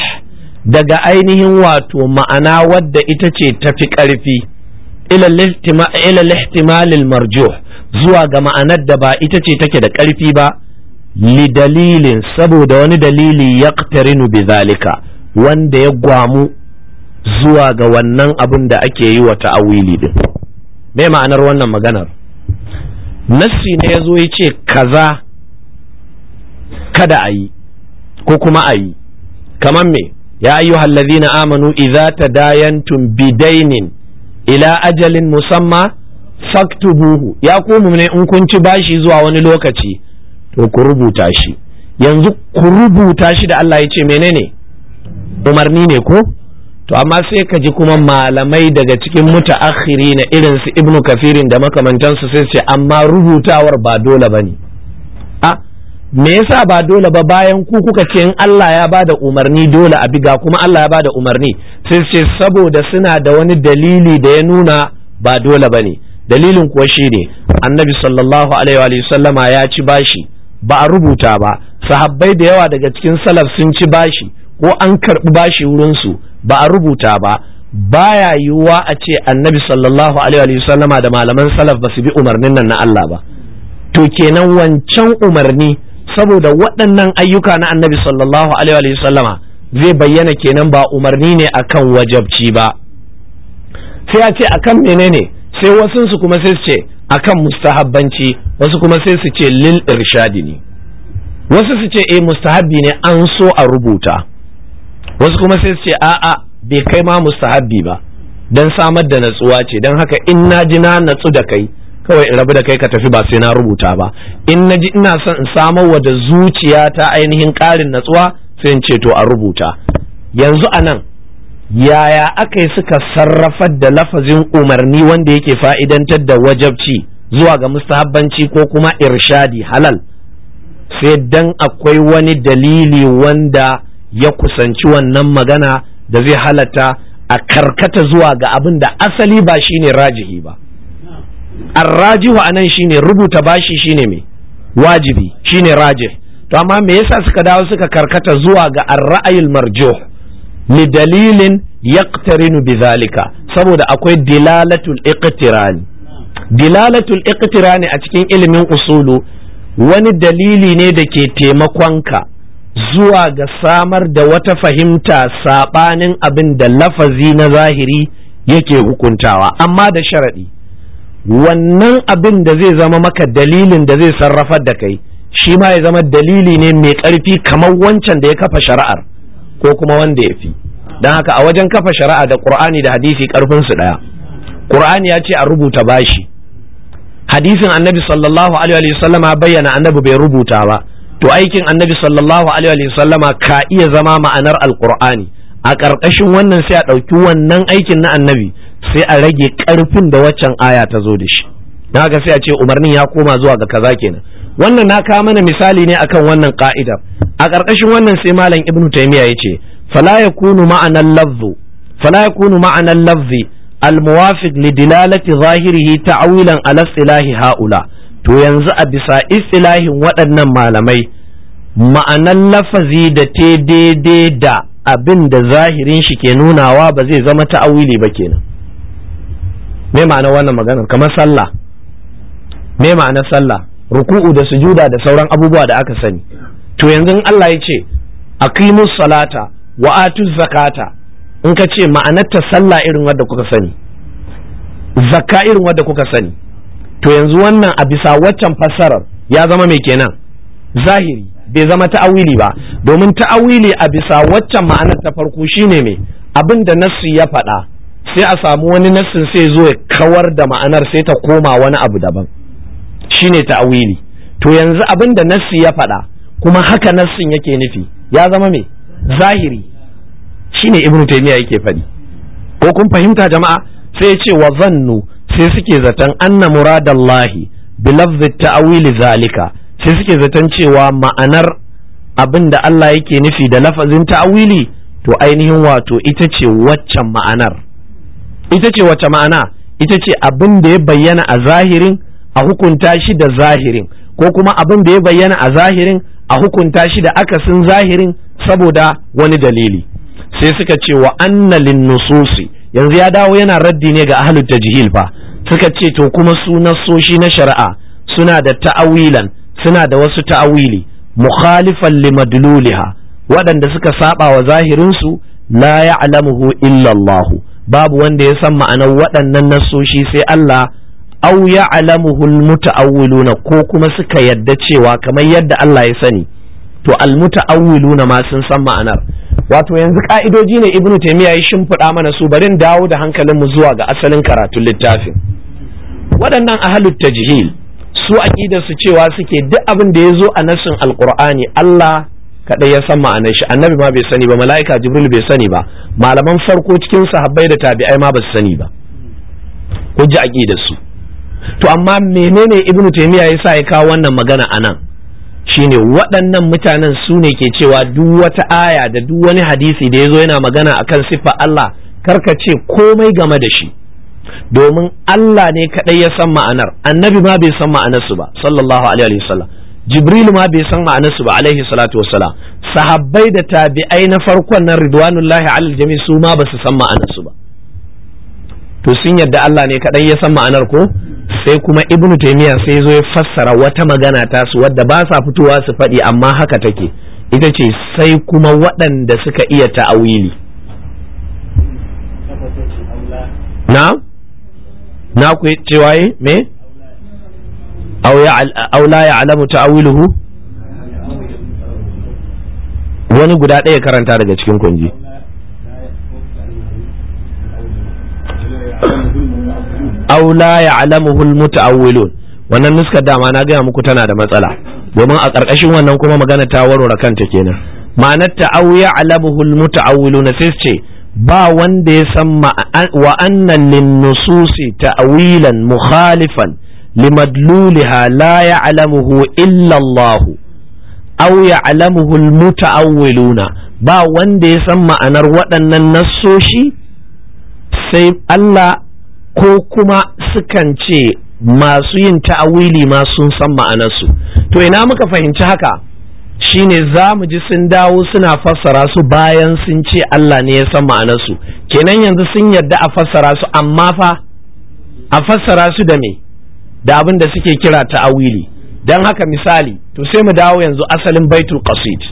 daga ainihin wato ma'ana wadda ita ce tafi ƙarfi ilal ihtimalil marjuh zuwa ga ma'anar da ba ita ce take da ƙarfi ba li dalilin saboda wani dalili ya bi zalika wanda ya gwamu zuwa ga wannan abin da ake yi wa ta'awili din me ma'anar wannan maganar nassi ne yazo zo ya ce kaza kada a yi ko kuma a yi kamar me ya ayyuhal ladhina amanu idza tadayantum bidainin ila ajalin musamma faktubuhu ya ku ne in kun ci bashi zuwa wani lokaci to ku rubuta shi yanzu ku rubuta shi da Allah ya ce menene umarni ne ko to amma sai ka ji kuma malamai daga cikin mutaakhiri na irin su ibnu kafirin da makamantansu sai ce amma rubutawar ba dole ba ne a me yasa ba dole ba bayan ku kuka ce in Allah ya bada umarni dole a biga kuma Allah ya bada umarni sai ce saboda suna da wani dalili da ya nuna ba dole ba ne dalilin kuwa shi ne annabi sallallahu alaihi wa sallama ya ci bashi ba a rubuta ba sahabbai da yawa daga cikin salaf sun ci bashi ko an karɓi bashi wurinsu ba a rubuta ba baya yiwuwa a ce annabi sallallahu alaihi wa sallama da malaman salaf ba su bi umarnin nan na Allah ba to kenan wancan umarni saboda waɗannan ayyuka na annabi sallallahu alaihi wa sallama zai bayyana kenan ba umarni ne akan wajabci ba sai a ce akan menene sai wasunsu kuma sai su ce akan mustahabbanci wasu kuma sai su ce lil irshadi ne wasu su ce eh mustahabbi ne an so a rubuta wasu kuma sai su ce a'a bai kai ma mustahabbi ba dan samar da natsuwa ce dan haka in na ji na natsu da kai kawai in rabu da kai ka tafi ba sai na rubuta ba in na ji ina son in samar wa da zuciya ta ainihin ƙarin natsuwa sai in ce to a rubuta yanzu a nan yaya aka yi suka sarrafar da lafazin umarni wanda yake fa'idantar da wajabci zuwa ga mustahabbanci ko kuma irshadi halal sai dan akwai wani dalili wanda ya kusanci wannan magana da zai halatta a karkata zuwa ga abin da asali ba shine rajihi ba An rajihu nan anan shine rubuta bashi shine me wajibi shine rajih to amma me yasa suka dawo suka karkata zuwa ga an raayil marjuh li dalilin yaqtarinu bidhalika saboda akwai dilalatul iqtirani dilalatul iqtirani a cikin ilimin usulu wani dalili ne da ke taimakonka zuwa ga samar da wata fahimta saɓanin abin da lafazi na zahiri yake hukuntawa amma da sharaɗi wannan abin da zai zama maka dalilin da zai sarrafa da kai shi ma ya zama dalili ne mai ƙarfi kamar wancan da ya kafa shari'ar ko kuma wanda ya fi don haka a wajen kafa shari'a da ƙur'ani da hadisi su ɗaya ƙur'ani ya ce a rubuta bashi hadisin annabi sallallahu alaihi wasallama bayyana annabi bai rubuta ba to aikin annabi sallallahu alaihi sallama ka iya zama ma'anar alqur'ani a ƙarƙashin wannan sai a ɗauki wannan aikin na annabi sai a rage ƙarfin da waccan aya ta zo da shi na haka sai a ce umarnin ya koma zuwa ga kaza kenan wannan na kawo mana misali ne akan wannan ƙa'idar. a ƙarƙashin wannan sai malam ibnu taymiya yace fala yakunu ma'anar lafzu fala yakunu ma'anar lafzi الموافق لدلالة ظاهره تعويلا على اصطلاح ha'ula to yanzu a bisa istilahin waɗannan malamai ma'anar lafazi da te daidai da abin da zahirin shi ke nunawa ba zai zama ta'awili ba kenan me ma'ana wannan maganar kamar sallah me ma'anar sallah ruku'u da sujuda da sauran abubuwa da aka sani to yanzu Allah ya ce aqimus salata wa atuz zakata in ka ce ma'anar ta sallah irin wadda kuka sani zakka irin wadda kuka sani to yanzu wannan a bisa waccan fassarar ya zama mai kenan zahiri bai zama ta'awili ba domin ta'awili a bisa waccan ma'anar ta farko shine mai abin da nassi ya faɗa sai a samu wani nassin sai zo ya kawar da ma'anar sai ta koma wani abu daban shine ta'awili to yanzu abin da nassi ya faɗa kuma haka nassin yake nufi ya zama mai zahiri shine ibnu taymiya yake faɗi ko kun fahimta jama'a sai ya ce wa zannu sai suke zaton anna muradallahi bi lafzi ta'awili zalika sai suke zaton cewa ma'anar abin da Allah yake nufi da lafazin ta'awili, to ainihin wato ita ce waccan ma'anar ita ce wacce ma'ana ita ce abin da ya bayyana a zahirin a hukunta shi da zahirin ko kuma abin da ya bayyana a zahirin a hukunta shi da akasin zahirin saboda wani dalili sai suka ce wa annalin nususi yanzu ya dawo yana raddi ne ga ahlul tajhil fa suka ce to kuma su nassoshi na shari'a suna da ta'awilan suna da wasu ta'awili mukhalifan limadluliha waɗanda suka saba wa zahirinsu la ya'lamuhu illallahu babu wanda ya san ma'anar waɗannan nasoshi sai Allah au ya'lamuhu almutaawwiluna ko kuma suka yadda cewa kamar yadda Allah ya sani to almutaawwiluna ma sun san ma'anar wato yanzu ka'idoji ne ibnu taymiya ya shimfiɗa mana su bari dawo da hankalinmu zuwa ga asalin karatun littafin waɗannan ahalut tajhil su a su cewa suke duk abin da ya zo a nasin Alƙur'ani. Allah kaɗai ya san ma'anar shi annabi ma bai sani ba mala'ika jibril bai sani ba malaman farko cikin sahabbai da tabi'ai ma ba su sani ba hujja aqidar su to amma menene ibnu taymiya yasa ya kawo wannan magana anan shine waɗannan mutanen su ne ke cewa duk wata aya da duk wani hadisi da ya zo yana magana akan siffar Allah karka ce komai game da shi domin Allah ne kaɗai ya san ma'anar annabi ma bai san ma'anarsu ba sallallahu alaihi wasallam jibril ma bai san ma'anarsu ba alaihi salatu wassalam sahabbai da tabi'ai na farkon nan ridwanullahi alal jami su ma ba su san ma'anarsu ba to sun yadda Allah ne kaɗai ya san ma'anar ko sai kuma ibnu taymiya sai zo ya fassara wata magana ta su wadda ba sa fitowa su faɗi amma haka take ita ce sai kuma waɗanda suka iya ta'awili na na ku cewa yi eh, me Au la ta ta'wiluhu wani guda ɗaya karanta daga cikin kwanji. Au la ya'lamuhu al-muta'awwilun wannan nuskar dama na gaya muku tana da matsala domin a ƙarƙashin wannan kuma magana ta warware kanta kenan ma'anar ta'awu ya'lamuhu al na sai ce ba wanda ya san wa annan linnususi nususi ta'wilan mukhalifan limadluliha la ya'lamuhu illa Allah aw ya'lamuhu almutaawwiluna ba wanda ya san ma'anar waɗannan nassoshi sai Allah ko kuma sukan ce masu yin ta'awili ma sun san ma'anarsu to ina muka fahimci haka shine za mu ji sun dawo suna fassara su bayan sun ce Allah ne ya san ma'anarsu kenan yanzu sun yarda a fassara su amma fa a fassara su da me da abin da suke kira ta'awili don haka misali to sai mu dawo yanzu asalin baitul qasid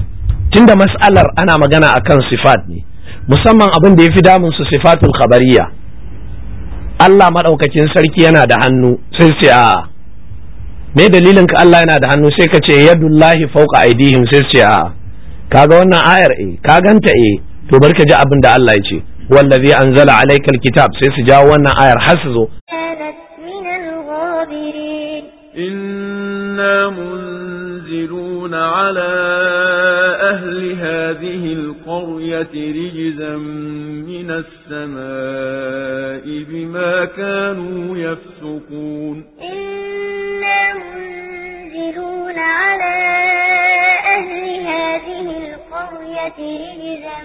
tunda mas'alar ana magana akan sifat ne musamman abin da ya fi damun su sifatul khabariya Allah madaukakin sarki yana da hannu sai sai a me dalilin ka Allah yana da hannu sai ka ce yadullahi fawqa aidihim sai ce a kaga wannan ayar eh ka ganta eh to barka ji abin da Allah ya ce wallazi anzala alaykal kitab sai su jawo wannan ayar har su zo إنا منزلون على أهل هذه القرية رجزا من السماء بما كانوا يفسقون مُنزِلُونَ عَلَىٰ أَهْلِ هَٰذِهِ الْقَرْيَةِ رِجْزًا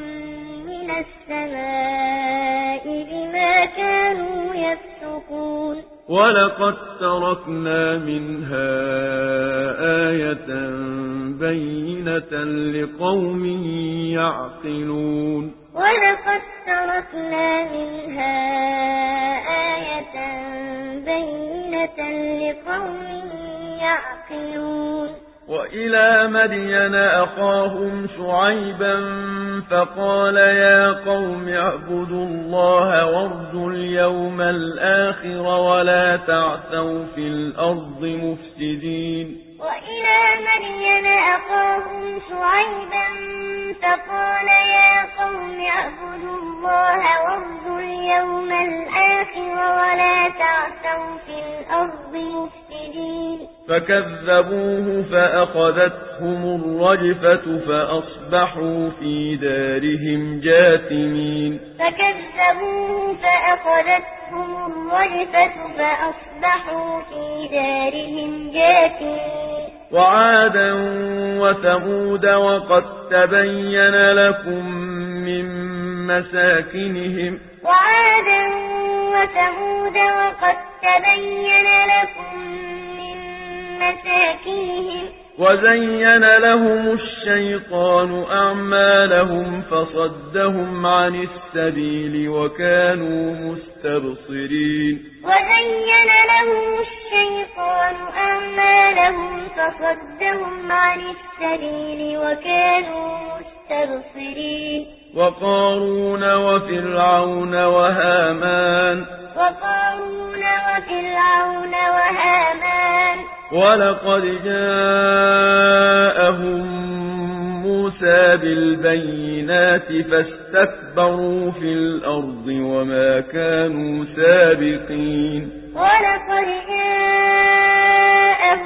مِّنَ السَّمَاءِ بِمَا كَانُوا يَفْسُقُونَ ولقد تركنا منها آية بينة لقوم يعقلون ولقد تركنا منها آية بينة لقوم يعقلون وإلى مدين أخاهم شعيبا فقال يا قوم اعبدوا الله وارجوا اليوم الآخر ولا تعثوا في الأرض مفسدين وإلى مدين أخاهم شعيبا فقال يا قوم اعبدوا الله وارجوا اليوم الآخر ولا تعثوا في الأرض مفسدين فكذبوه فأخذتهم الرجفة فأصبحوا في دارهم جاثمين فكذبوه فأخذتهم أصابتهم الرجفة فأصبحوا في دارهم جاثمين وعادا وثمود وقد تبين لكم من مساكنهم وعادا وثمود وقد تبين لكم من مساكنهم وزين لهم الشيطان أعمالهم فصدهم عن السبيل وكانوا مستبصرين وزين لهم الشيطان أعمالهم فصدهم عن السبيل وكانوا مستبصرين وقارون وفرعون وهامان وقارون وفرعون وهامان ولقد جاءهم موسى بالبينات فاستكبروا في الأرض وما كانوا سابقين ولقد جاءهم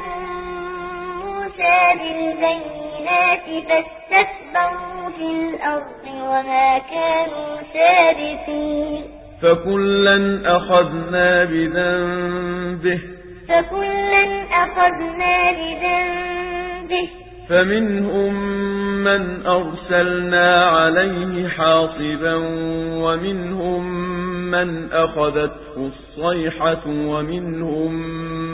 موسى بالبينات فاستكبروا في الأرض وما كانوا سابقين فكلا أخذنا بذنبه فكلا أخذنا بذنبه فمنهم من أرسلنا عليه حاصبا ومنهم من أخذته الصيحة ومنهم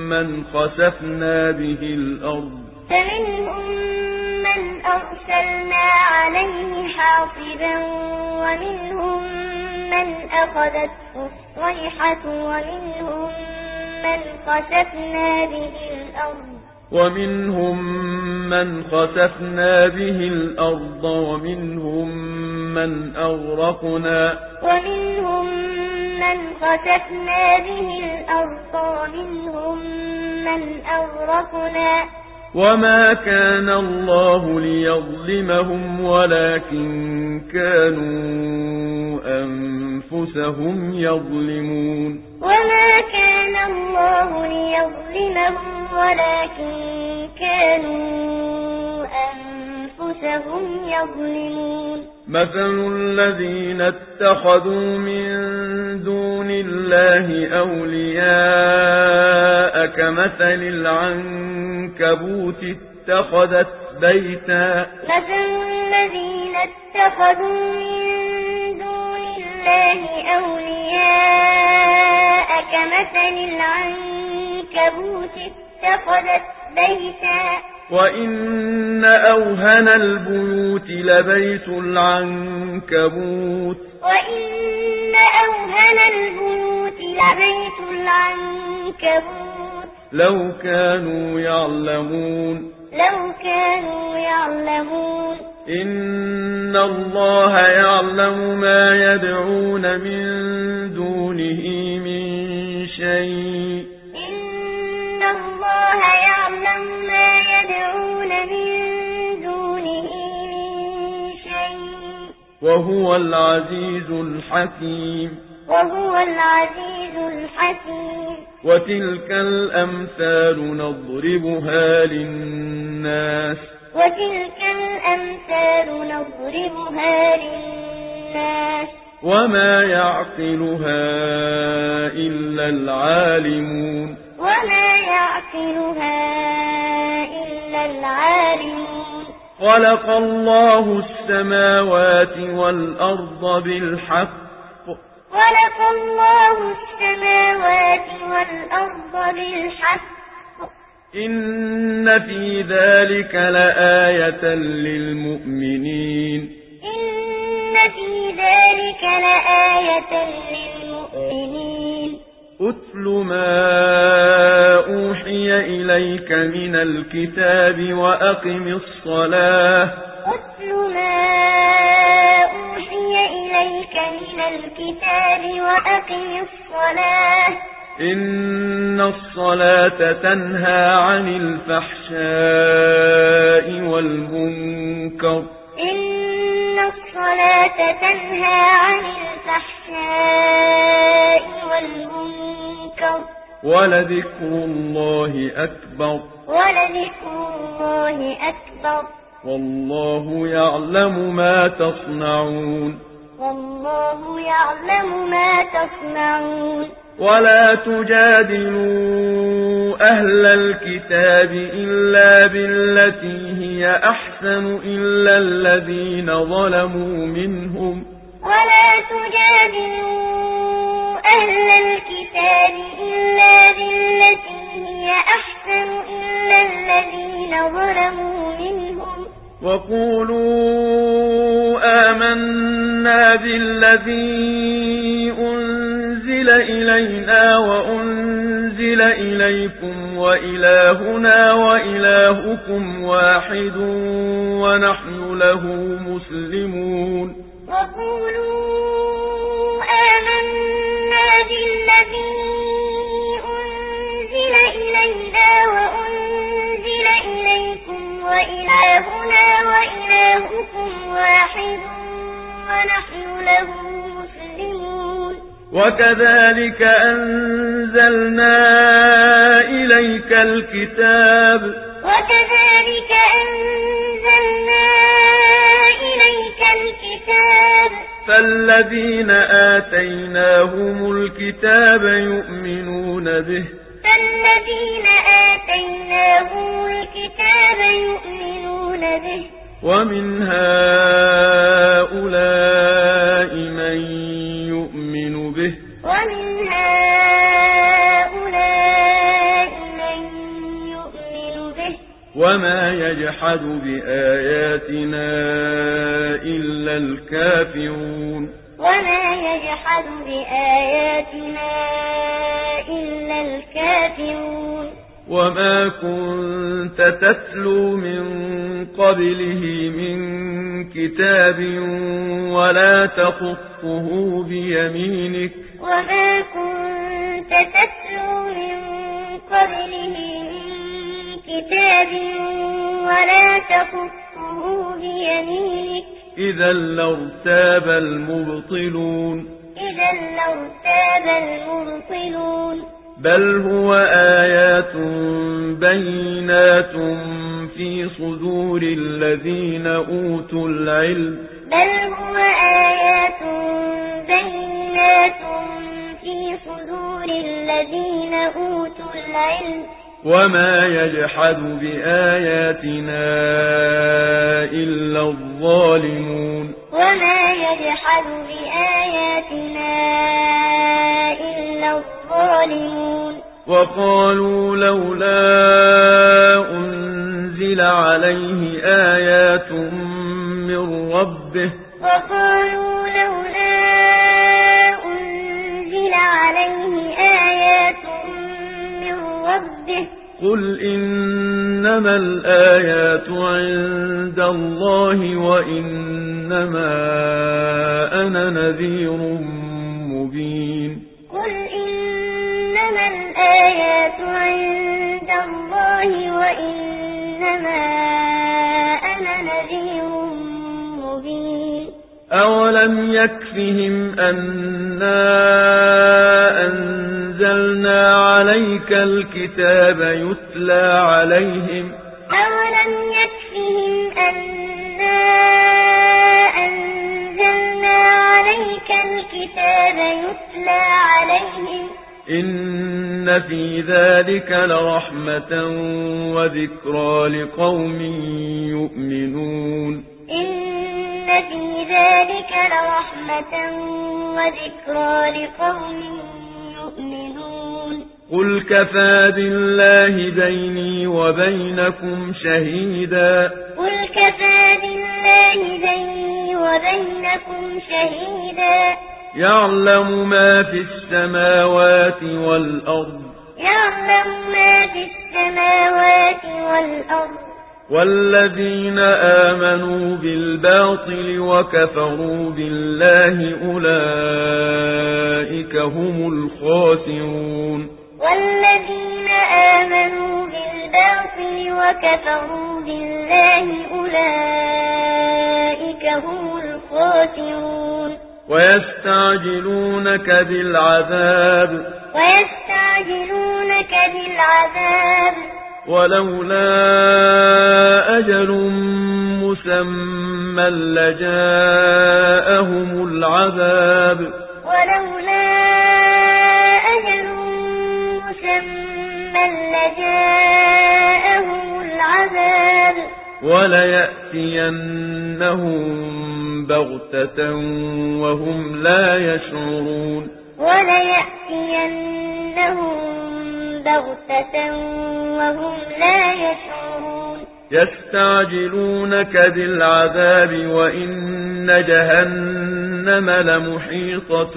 من خسفنا به الأرض فمنهم من أرسلنا عليه حاصبا ومنهم من أخذته الصيحة ومنهم من خسفنا به الأرض ومنهم من خسفنا به الأرض ومنهم من أغرقنا ومنهم من خسفنا به الأرض ومنهم من أغرقنا وما كان الله ليظلمهم ولكن كانوا أنفسهم يظلمون وما كان الله ليظلمهم ولكن كانوا أنفسهم يظلمون مثل الذين اتخذوا من دون الله أولياء كمثل العنكبوت اتخذت بيتا مثل الذين اتخذوا من دون الله أولياء كمثل العنكبوت اتخذت بيتا وإن أوهن البيوت لبيت العنكبوت وإن أوهن البيوت لبيت العنكبوت لو كانوا يعلمون لو كانوا يعلمون إن الله يعلم ما يدعون من دونه من شيء إن الله يعلم ما يدعون من دونه من شيء وهو العزيز الحكيم وهو العزيز الحكيم وتلك الأمثال نضربها للناس وتلك الأمثال نضربها للناس وما يعقلها إلا العالمون وما يعقلها إلا العالمون خلق الله السماوات والأرض بالحق خلق الله السماوات والأرض بالحق إن في ذلك لآية للمؤمنين إن في ذلك لآية للمؤمنين أتل ما أوحي إليك من الكتاب وأقم الصلاة أتل ما أوحي إليك من الكتاب وأقم الصلاة إن الصلاة تنهى عن الفحشاء والمنكر إن الصلاة تنهى عن الفحشاء والمنكر ولذكر الله أكبر ولذكر الله أكبر والله يعلم ما تصنعون والله يعلم ما تصنعون ولا تجادلوا أهل الكتاب إلا بالتي هي أحسن إلا الذين ظلموا منهم ولا تجادلوا أهل الكتاب إلا بالتي هي أحسن إلا الذين ظلموا منهم وقولوا آمنا بالذي أنزل إلينا وأنزل إليكم وإلهنا وإلهكم واحد ونحن له مسلمون وقولوا آمنا بالذي أنزل إلينا وأنزل إليكم وإلهنا وإلهكم واحد ونحن له مسلمون وكذلك أنزلنا إليك الكتاب وكذلك أنزلنا إليك الكتاب الكتاب فالذين آتيناهم الكتاب يؤمنون به فالذين آتيناهم الكتاب يؤمنون به ومن هؤلاء من يؤمن به ومن وما يجحد بآياتنا إلا الكافرون وما يجحد بآياتنا إلا الكافرون وما كنت تتلو من قبله من كتاب ولا تخفه بيمينك وما كنت تتلو من قبله من كِتَابٍ وَلَا بِيَمِينِكَ إِذًا لَّارْتَابَ الْمُبْطِلُونَ إِذًا لَّارْتَابَ الْمُبْطِلُونَ بَلْ هُوَ آيَاتٌ بَيِّنَاتٌ فِي صُدُورِ الَّذِينَ أُوتُوا الْعِلْمَ بَلْ هُوَ آيَاتٌ بَيِّنَاتٌ فِي صُدُورِ الَّذِينَ أُوتُوا الْعِلْمَ وما يجحد بآياتنا إلا الظالمون وما يجحد بآياتنا إلا الظالمون وقالوا لولا أنزل عليه آيات من ربه وقالوا لولا أنزل عليه آيات من من ربه قل إنما الآيات عند الله وإنما أنا نذير مبين قل إنما الآيات عند الله وإنما أنا نذير أولم يكفهم أنا أنزلنا عليك الكتاب يتلى عليهم أولم يكفهم أنا أنزلنا عليك الكتاب يتلى عليهم إن في ذلك لرحمة وذكرى لقوم يؤمنون إن في ذلك لرحمة وذكرى لقوم يؤمنون قل كفى بالله بيني وبينكم شهيدا قل كفى بالله بيني وبينكم شهيدا يعلم ما في السماوات والأرض يعلم ما في السماوات والأرض والذين آمنوا بالباطل وكفروا بالله أولئك هم الخاسرون والذين آمنوا بالباطل وكفروا بالله أولئك هم الخاسرون ويستعجلونك بالعذاب ويستعجلونك بالعذاب ولولا أجل مسمى لجاءهم العذاب ولولا أجل مسمى لجاءهم العذاب وليأتينهم بغتة وهم لا يشعرون وليأتينهم بغتة وهم لا يشعرون يستعجلونك بالعذاب وإن جهنم لمحيطة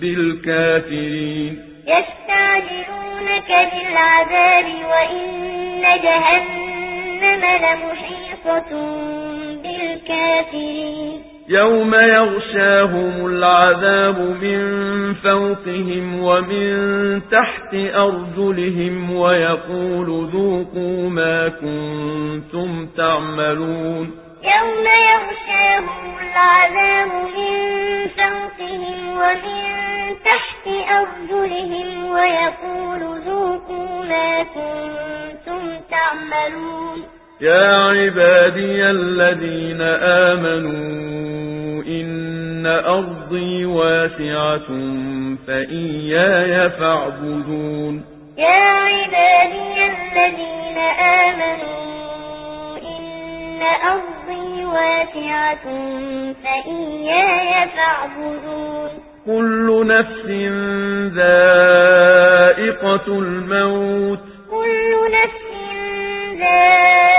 بالكافرين يستعجلونك بالعذاب وإن جهنم لمحيطة بالكافرين يوم يغشاهم العذاب من فوقهم ومن تحت أرجلهم ويقول ذوقوا ما كنتم تعملون يوم يغشاهم العذاب من فوقهم ومن تحت أرجلهم ويقول ذوقوا ما كنتم تعملون يا عبادي الذين آمنوا إن أرضي واسعة فإياي فاعبدون يا عبادي الذين آمنوا إن أرضي واسعة فإياي فاعبدون كل نفس ذائقة الموت كل نفس ذائقة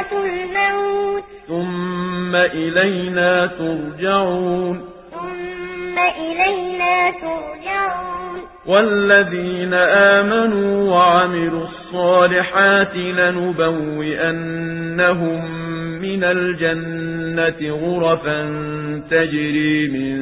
الْمَوْتِ ثُمَّ إِلَيْنَا تُرْجَعُونَ ثُمَّ إِلَيْنَا تُرْجَعُونَ وَالَّذِينَ آمَنُوا وَعَمِلُوا الصَّالِحَاتِ لَنُبَوِّئَنَّهُم مِّنَ الْجَنَّةِ الجنة غرفا تجري من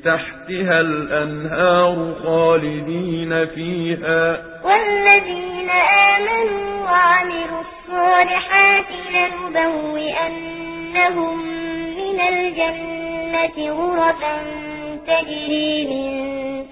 تحتها الأنهار خالدين فيها والذين آمنوا وعملوا الصالحات لنبوئنهم من الجنة غرفا تجري من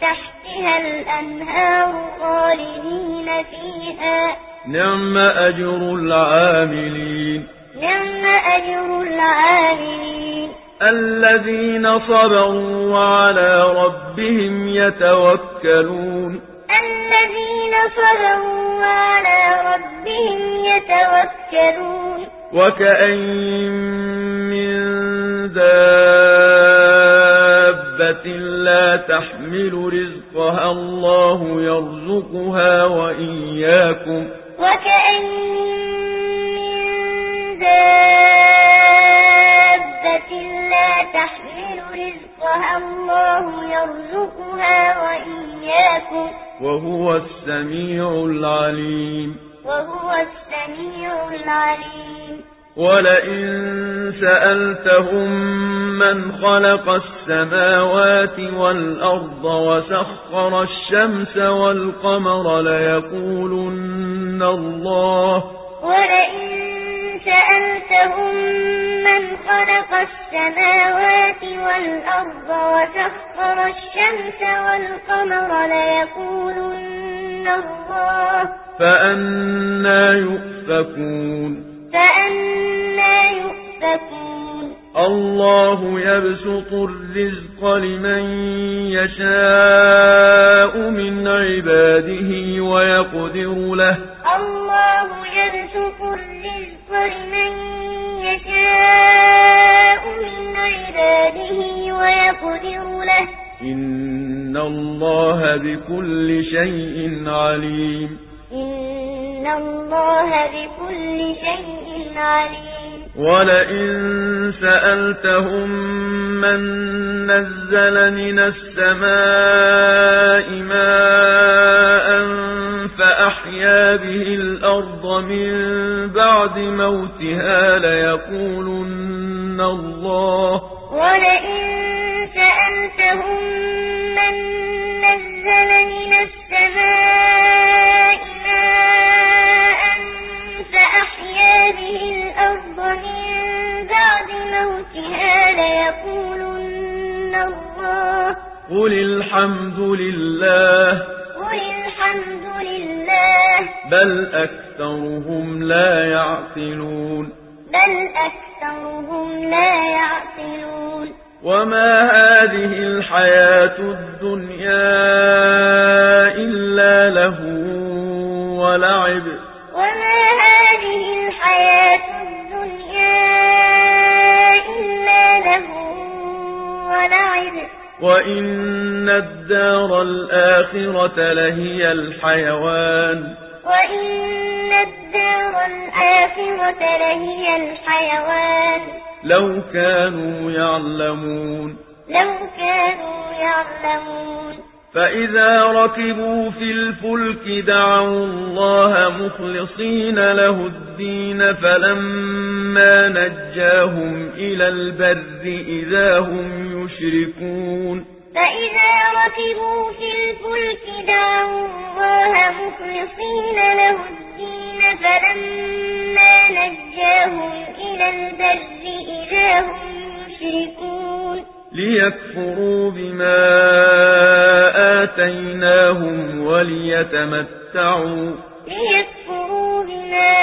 تحتها الأنهار خالدين فيها نعم أجر العاملين نعم أجر العاملين الذين صبروا وعلى ربهم يتوكلون الذين صبروا وعلى ربهم يتوكلون وكأي من دابة لا تحمل رزقها الله يرزقها وإياكم وكأي من دابة لا تحمل رزقها الله يرزقها وإياكم وهو السميع العليم وهو السميع العليم ولئن سألتهم من خلق السماوات والأرض وسخر الشمس والقمر ليقولن الله ولئن سألتهم من خلق السماوات والأرض وسخر الشمس والقمر ليقولن الله فأنا يؤفكون فأنا يؤفكون الله يبسط الرزق لمن يشاء من عباده ويقدر له الله يبسط الرزق لمن يشاء من عباده ويقدر له إن الله بكل شيء عليم إن الله بكل شيء عليم ولئن سألتهم من نزل من السماء ماء فأحيا به الأرض من بعد موتها ليقولن الله ولئن سألتهم من نزل من السماء لَيَقُولُنَّ اللَّهُ ۚ قُلِ الْحَمْدُ قل الحمد لله لِلَّهِ ۚ بَلْ أَكْثَرُهُمْ لَا يَعْقِلُونَ وَمَا هَٰذِهِ الْحَيَاةُ الدُّنْيَا إِلَّا لَهْوٌ وَلَعِبٌ وَمَا هَٰذِهِ الْحَيَاةُ ولعب وإن الدار الآخرة لهي الحيوان وإن الدار الآخرة لهي الحيوان لو كانوا يعلمون لو كانوا يعلمون فإذا ركبوا في الفلك دعوا الله مخلصين له الدين فلما نجاهم إلى البر إذا هم يشركون فإذا ركبوا في الفلك دعوا الله مخلصين له الدين فلما نجاهم إلى البر إذا هم يشركون ليكفروا بما آتيناهم وليتمتعوا ليكفروا بما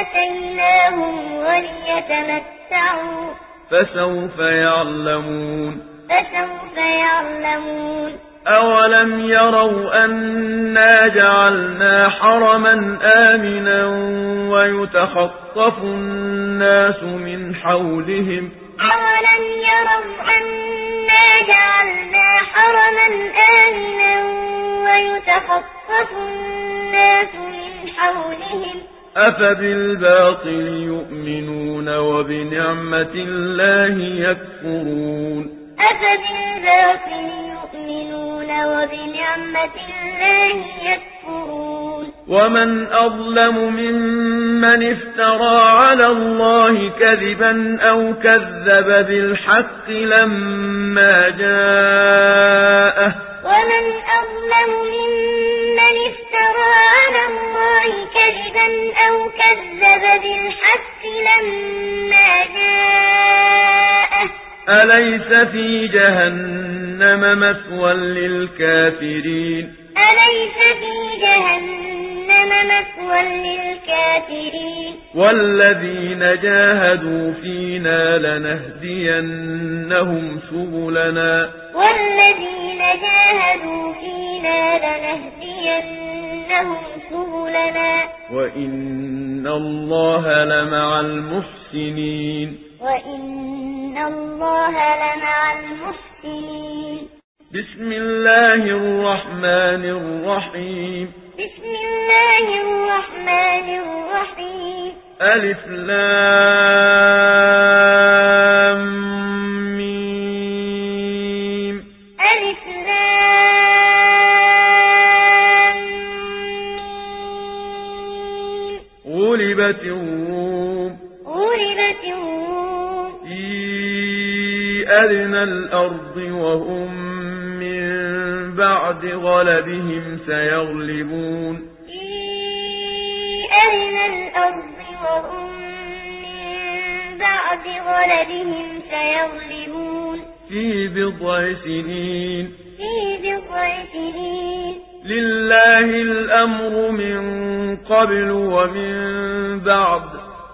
آتيناهم وليتمتعوا فسوف يعلمون فسوف يعلمون أولم يروا أنا جعلنا حرما آمنا ويتخطف الناس من حولهم أولم يروا أنا جعلنا حرما آمنا ويتخطف الناس من حولهم أفبالباطل يؤمنون وبنعمة الله يكفرون أفبالباطل يؤمنون وبنعمة الله يكفرون ومن أظلم ممن افترى على الله كذبا أو كذب بالحق لما جاءه ومن أظلم ممن افترى على الله كذبا أو كذب بالحق لما جاءه أليس في جهنم مثوى للكافرين أليس في جهنم مثوى للكافرين والذين جاهدوا فينا لنهدينهم سبلنا والذين جاهدوا فينا لنهدينهم سبلنا وإن الله لمع المحسنين وإن اللَّهَ لَمَعَ الْمُحْسِنِينَ بسم الله الرحمن الرحيم بسم الله الرحمن الرحيم ألف لام ميم ألف لام ميم غلبت أدنى الأرض وهم من بعد غلبهم سيغلبون في أدنى الأرض وهم من بعد غلبهم سيغلبون في بضع سنين في بضع سنين لله الأمر من قبل ومن بعد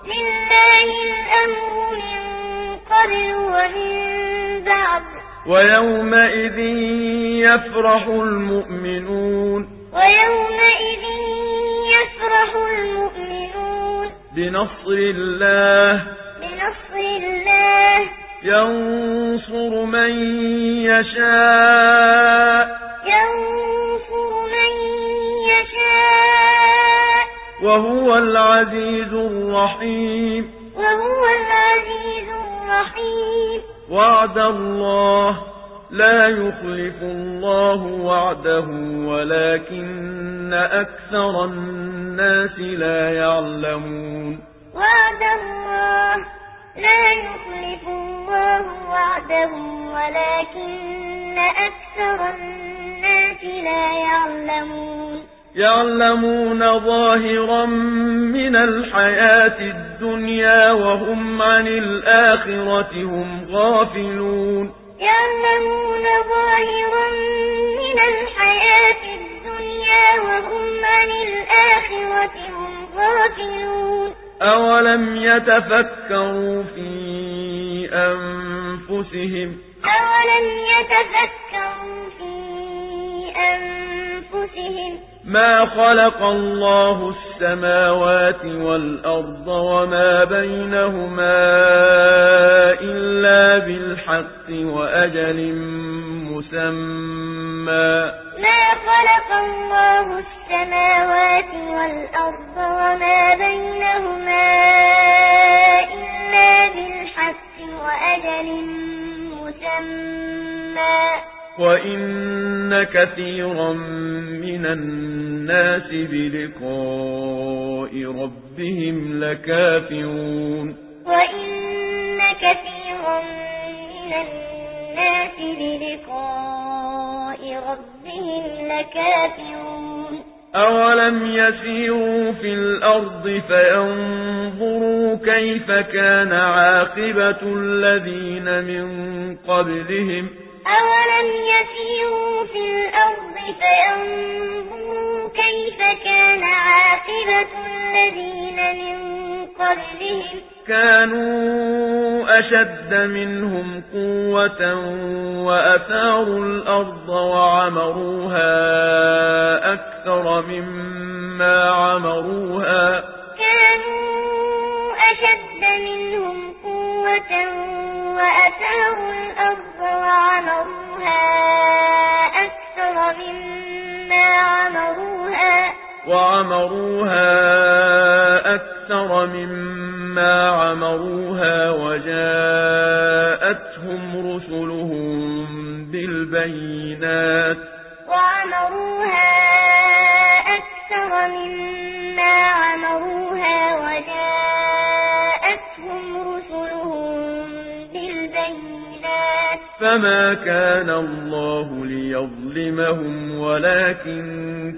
لله الأمر من قبل ومن بعض ويومئذ يفرح المؤمنون ويومئذ يفرح المؤمنون بنصر الله بنصر الله ينصر من يشاء ينصر من يشاء وهو العزيز الرحيم وهو العزيز الرحيم وعد الله لا يخلف الله وعده ولكن أكثر الناس لا يعلمون وعد الله لا يخلف الله وعده ولكن أكثر الناس لا يعلمون يعلمون ظاهرا من الحياة الدنيا وهم عن الآخرة هم غافلون يعلمون ظاهرا من الحياة الدنيا وهم عن الآخرة هم غافلون أولم يتفكروا في أنفسهم أولم يتفكروا ما خلق الله السماوات والأرض وما بينهما إلا بالحق وأجل مسمى ما خلق الله السماوات والأرض وما بينهما إلا بالحق وأجل مسمى وَإِنَّ كَثِيرًا مِنَ النَّاسِ بِلِقَاءِ رَبِّهِمْ لَكَافِرُونَ وَإِنَّ كَثِيرًا مِنَ النَّاسِ بِلِقَاءِ رَبِّهِمْ لَكَافِرُونَ أَوَلَمْ يَسِيرُوا فِي الْأَرْضِ فَيَنْظُرُوا كَيْفَ كَانَ عَاقِبَةُ الَّذِينَ مِنْ قَبْلِهِمْ ۚ أولم يسيروا في الأرض فينظروا كيف كان عاقبة الذين من قبلهم كانوا أشد منهم قوة وأثاروا الأرض وعمروها أكثر مما عمروها كانوا أشد منهم قوة الأرض وعمروها أكثر مما عمروها وعمروها أكثر مما عمروها وجاءتهم رسلهم بالبينات وعمروها أكثر مما عمروها وجاءتهم فما كان الله ليظلمهم ولكن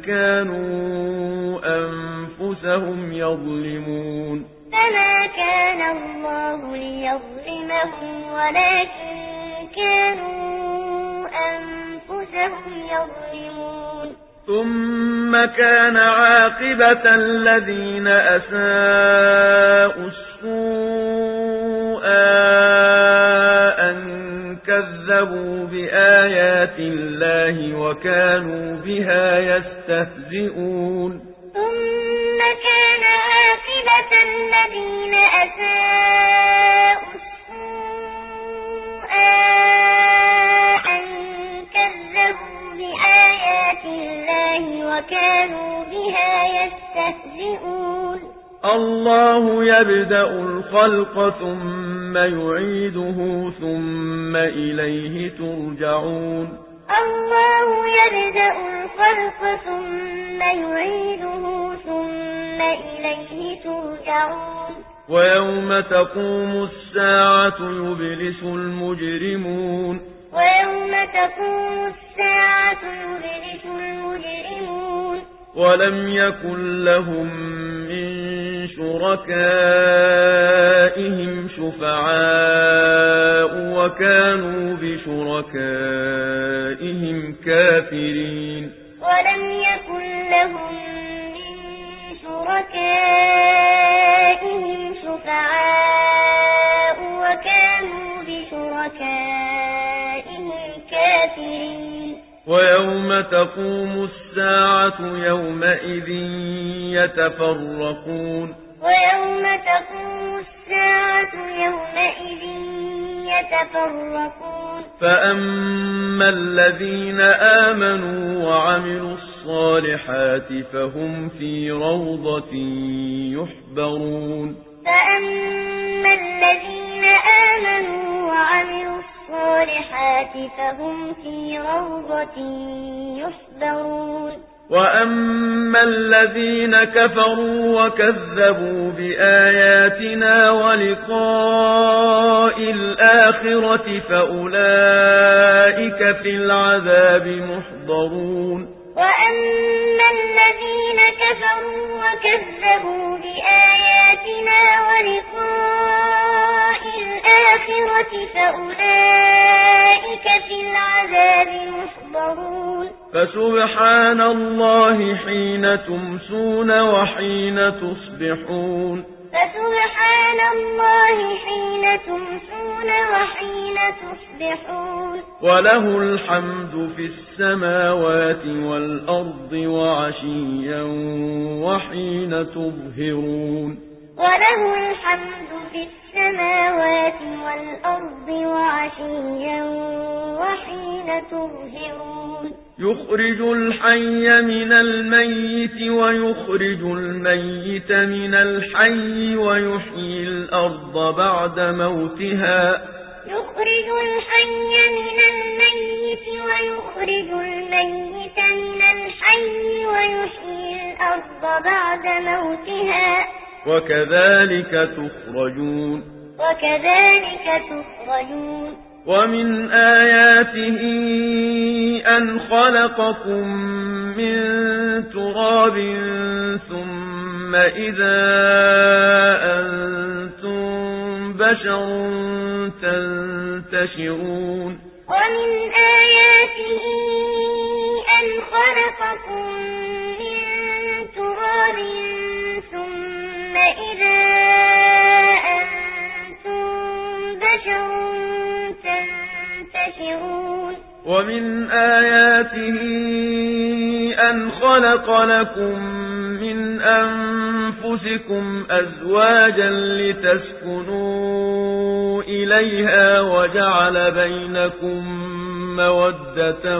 كانوا أنفسهم يظلمون فما كان الله ليظلمهم ولكن كانوا أنفسهم يظلمون ثم كان عاقبة الذين أساءوا السوء أن كذبوا بآيات الله وكانوا بها يستهزئون ثم كان عاقبة الذين أساءوا السوء أن كذبوا بآيات الله وكانوا بها يستهزئون الله يبدأ الخلق ثم يعيده ثم إليه ترجعون الله يبدأ الخلق ثم يعيده ثم إليه ترجعون ويوم تقوم الساعة يبلس المجرمون ويوم تقوم الساعة يبلس المجرمون ولم يكن لهم من شركائهم شفعاء وكانوا بشركائهم كافرين ولم يكن لهم من شركائهم شفعاء وكانوا بشركائهم الكافرين ويوم تقوم الساعة يومئذ يتفرقون ويوم تقوم الساعة يومئذ يتفرقون فأما الذين آمنوا وعملوا الصالحات فهم في روضة يحبرون فأما الذين آمنوا وعملوا الصالحات فهم في روضة يحبرون وأما الذين كفروا وكذبوا بآياتنا ولقاء الآخرة فأولئك في العذاب محضرون وأما الذين كفروا وكذبوا بآياتنا ولقاء الآخرة فأولئك في العذاب محضرون فسبحان الله حين تمسون وحين تصبحون فسبحان الله حين تمسون وحين تصبحون وله الحمد في السماوات والأرض وعشيا وحين تظهرون وله الحمد في السماوات والأرض وعشيا وحين تظهرون يخرج الحي من الميت ويخرج الميت من الحي ويحيي الأرض بعد موتها يخرج الحي من الميت ويخرج الميت من الحي ويحيي الأرض بعد موتها وكذلك تخرجون وكذلك تخرجون ومن آياته أن خلقكم من تراب ثم إذا أنتم بشر تنتشرون ومن آياته أن خلقكم من تراب فَإِذَا أَنتُم بَشَرٌ تَنتَشِرُونَ وَمِنْ آيَاتِهِ أَنْ خَلَقَ لَكُم مِّنْ أَنفُسِكُمْ أَزْوَاجًا لِّتَسْكُنُوا إِلَيْهَا وَجَعَلَ بَيْنَكُم مَّوَدَّةً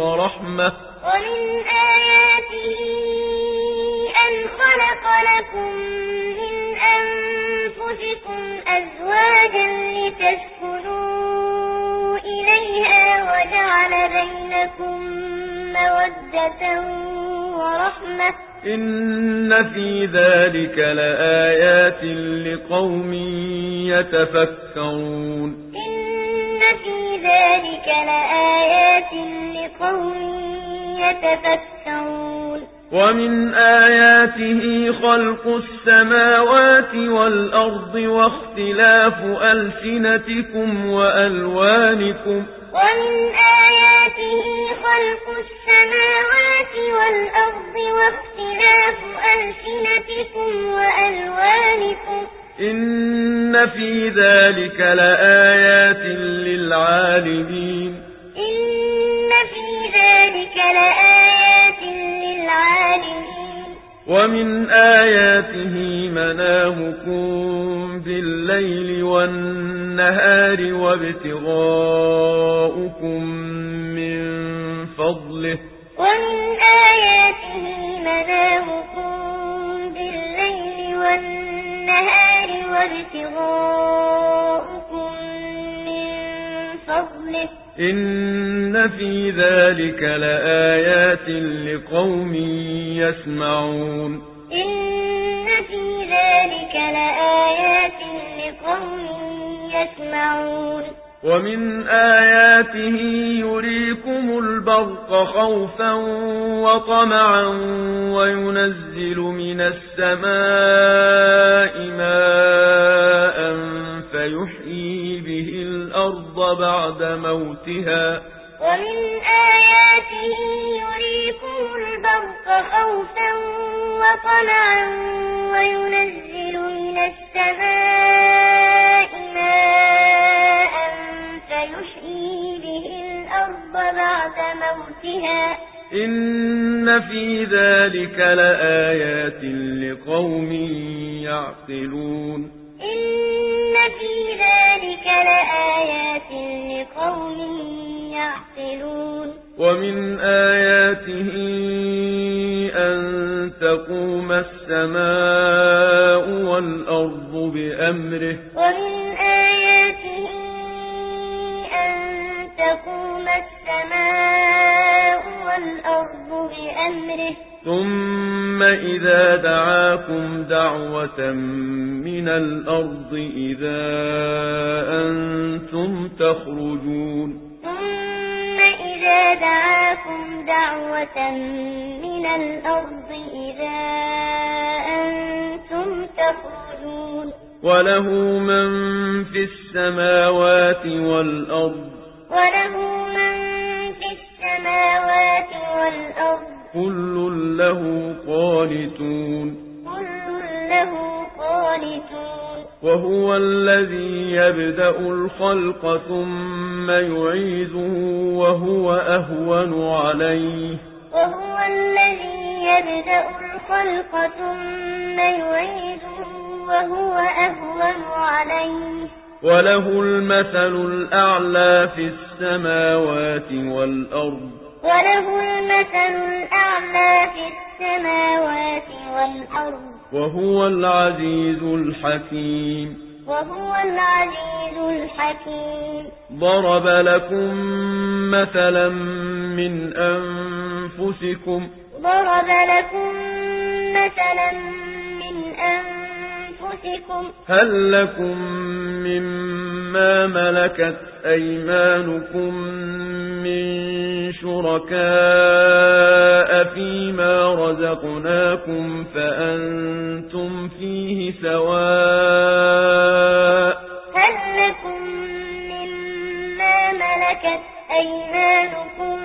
وَرَحْمَةً وَمِنْ آيَاتِهِ أَنْ خَلَقَ لَكُم مِّنْ أَنفُسِكُمْ أَزْوَاجًا لِّتَسْكُنُوا إِلَيْهَا وَجَعَلَ بَيْنَكُم مَّوَدَّةً وَرَحْمَةً ۚ إِنَّ فِي ذَٰلِكَ لَآيَاتٍ لِّقَوْمٍ يَتَفَكَّرُونَ إِنَّ فِي ذَٰلِكَ لَآيَاتٍ لِّقَوْمٍ يَتَفَكَّرُونَ ومن آياته خلق السماوات والأرض واختلاف ألسنتكم وألوانكم ومن آياته خلق السماوات والأرض واختلاف ألسنتكم وألوانكم إن في ذلك لآيات للعالمين إن في ذلك لآيات للعالمين إن في ذلك لآيات للعالمين ومن آياته منامكم بالليل والنهار وابتغاؤكم من فضله ومن آياته منامكم بالليل والنهار وابتغاؤكم فضله إن في ذلك لآيات لقوم يسمعون إن في ذلك لآيات لقوم يسمعون ومن آياته يريكم البرق خوفا وطمعا وينزل من السماء ماء فيحيي به الأرض بعد موتها ومن آياته يريكم البرق خوفا وطمعا وينزل من السماء ماء موتها إن في ذلك لآيات لقوم يعقلون إن في ذلك لآيات لقوم يعقلون ومن آياته أن تقوم السماء والأرض بأمره ومن آياته تقوم السماء والأرض بأمره ثم إذا دعاكم دعوة من الأرض إذا أنتم تخرجون ثم إذا دعاكم دعوة من الأرض إذا أنتم تخرجون وله من في السماوات والأرض وله من في السماوات والأرض كل له قانتون كل له قانتون وهو الذي يبدأ الخلق ثم يعيده وهو أهون عليه وهو الذي يبدأ الخلق ثم يعيده وهو أهون عليه وله المثل الأعلى في السماوات والأرض وله المثل الأعلى في السماوات والأرض وهو العزيز الحكيم وهو العزيز الحكيم ضرب لكم مثلا من أنفسكم ضرب لكم مثلا من أنفسكم أنفسكم هل لكم مما ملكت أيمانكم من شركاء فيما رزقناكم فأنتم فيه سواء هل لكم مما ملكت أيمانكم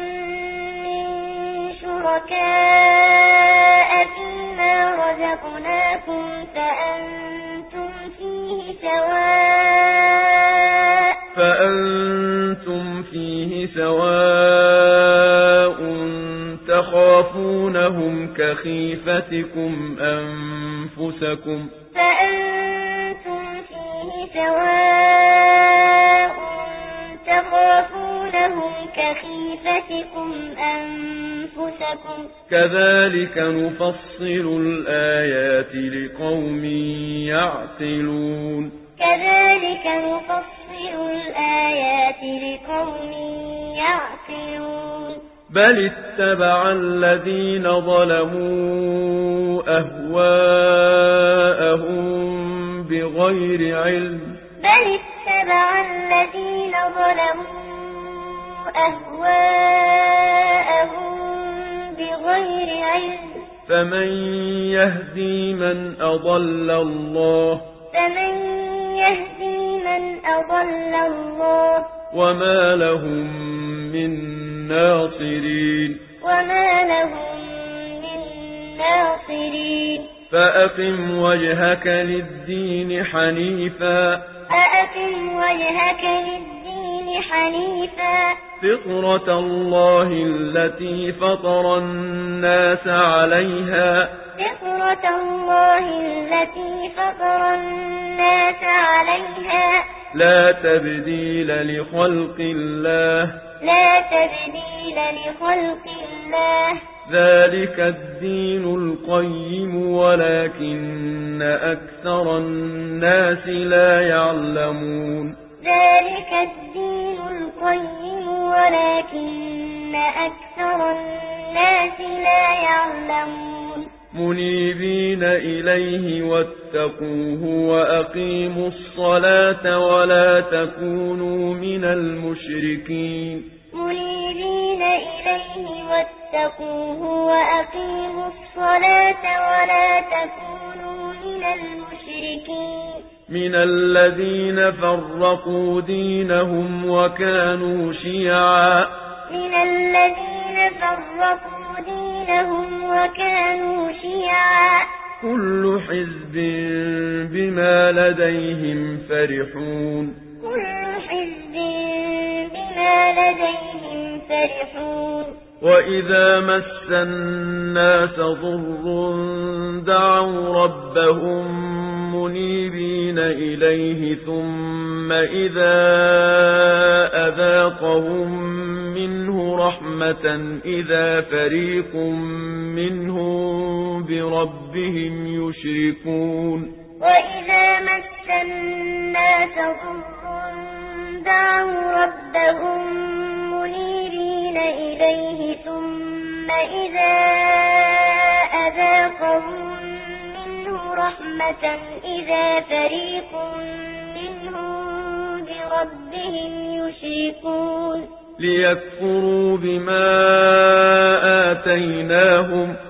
شُرَكَاءَ فِيمَا رَزَقْنَاكُمْ فَأَنتُمْ فِيهِ سَوَاءٌ فَأَنتُمْ فِيهِ سَوَاءٌ تَخَافُونَهُمْ كَخِيفَتِكُمْ أَنفُسَكُمْ فَأَنتُمْ فِيهِ سَوَاءٌ تَخَافُونَهُمْ دونهم كخيفتكم أنفسكم كذلك نفصل الآيات لقوم يعقلون كذلك نفصل الآيات لقوم يعقلون بل اتبع الذين ظلموا أهواءهم بغير علم بل اتبع الذين ظلموا أهواءهم بغير علم فمن يهدي من أضل الله فمن يهدي من أضل الله وما لهم من ناصرين وما لهم من ناصرين فأقم وجهك للدين حنيفا فأقم وجهك للدين الدين حنيفا فطرة الله التي فطر الناس عليها فطرة الله التي فطر الناس عليها لا تبديل لخلق الله لا تبديل لخلق الله ذلك الدين القيم ولكن أكثر الناس لا يعلمون ذلك الدين القيم ولكن أكثر الناس لا يعلمون منيبين إليه واتقوه وأقيموا الصلاة ولا تكونوا من المشركين منيبين إليه واتقوه وأقيموا الصلاة ولا تكونوا من المشركين من الذين فرقوا دينهم وكانوا شيعا من الذين فرقوا دينهم وكانوا شيعا كل حزب بما لديهم فرحون كل حزب بما لديهم فرحون وَإِذَا مَسَّ النَّاسَ ضُرٌّ دَعَوْا رَبَّهُم مُنِيبِينَ إِلَيْهِ ثُمَّ إِذَا أَذَاقَهُم مِّنْهُ رَحْمَةً إِذَا فَرِيقٌ مِّنْهُم بِرَبِّهِمْ يُشْرِكُونَ وَإِذَا مَسَّ النَّاسَ ضُرٌّ دَعَوْا رَبَّهُم مُنِيبِينَ مُسِيءِينَ إِلَيْهِ ثُمَّ إِذَا أَذَاقَهُم مِّنْهُ رَحْمَةً إِذَا فَرِيقٌ مِّنْهُم بِرَبِّهِمْ يُشْرِكُونَ لِيَكْفُرُوا بِمَا آتَيْنَاهُمْ ۚ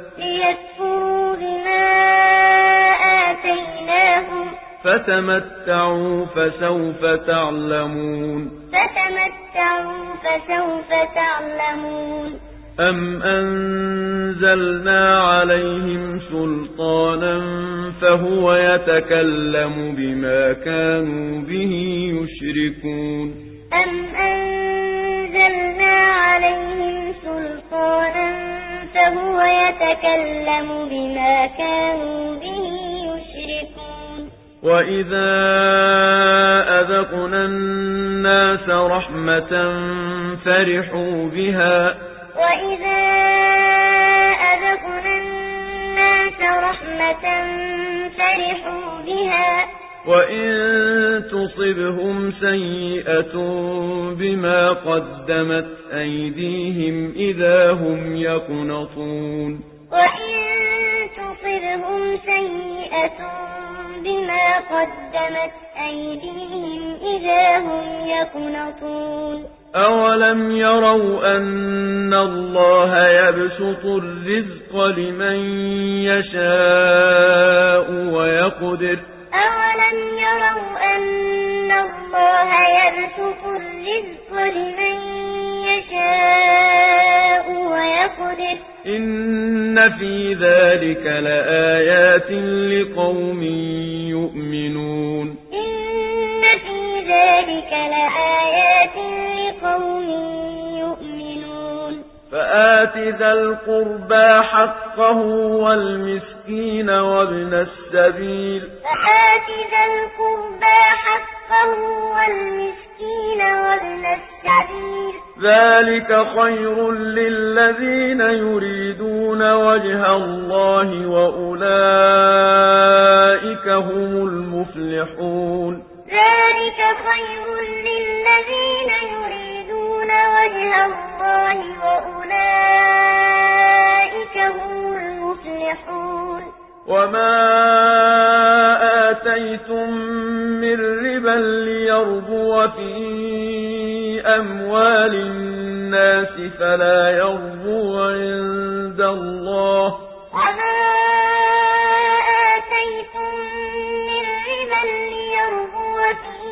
فتمتعوا فسوف تعلمون فتمتعوا فسوف تعلمون أم أنزلنا عليهم سلطانا فهو يتكلم بما كانوا به يشركون أم أنزلنا عليهم سلطانا فهو يتكلم بما كانوا به يشركون وَإِذَا أَذَقْنَا النَّاسَ رَحْمَةً فَرِحُوا بِهَا وَإِذَا أَذَقْنَا النَّاسَ رَحْمَةً فَرِحُوا بِهَا وَإِن تُصِبْهُمْ سَيِّئَةٌ بِمَا قَدَّمَتْ أَيْدِيهِمْ إِذَا هُمْ يَقْنَطُونَ وَإِن تُصِبْهُمْ سَيِّئَةٌ بما قدمت أيديهم إذا هم يقنطون أولم يروا أن الله يبسط الرزق لمن يشاء ويقدر أولم يروا أن الله يبسط الرزق لمن يشاء ويقدر إن في ذلك لآيات لقوم يؤمنون إن في ذلك لآيات لقوم يؤمنون فآت ذا القربى حقه والمسكين وابن السبيل فآت ذا القربى حقه رِزْقَهُ وَالْمِسْكِينَ وَابْنَ السَّبِيلِ ذَلِكَ خَيْرٌ لِّلَّذِينَ يُرِيدُونَ وَجْهَ اللَّهِ وَأُولَٰئِكَ هُمُ الْمُفْلِحُونَ ذَلِكَ خَيْرٌ لِّلَّذِينَ يُرِيدُونَ وَجْهَ اللَّهِ وَأُولَٰئِكَ هُمُ الْمُفْلِحُونَ وما آتيتم من ربا ليربو في أموال الناس فلا يربو عند الله وما آتيتم من ربا ليربو في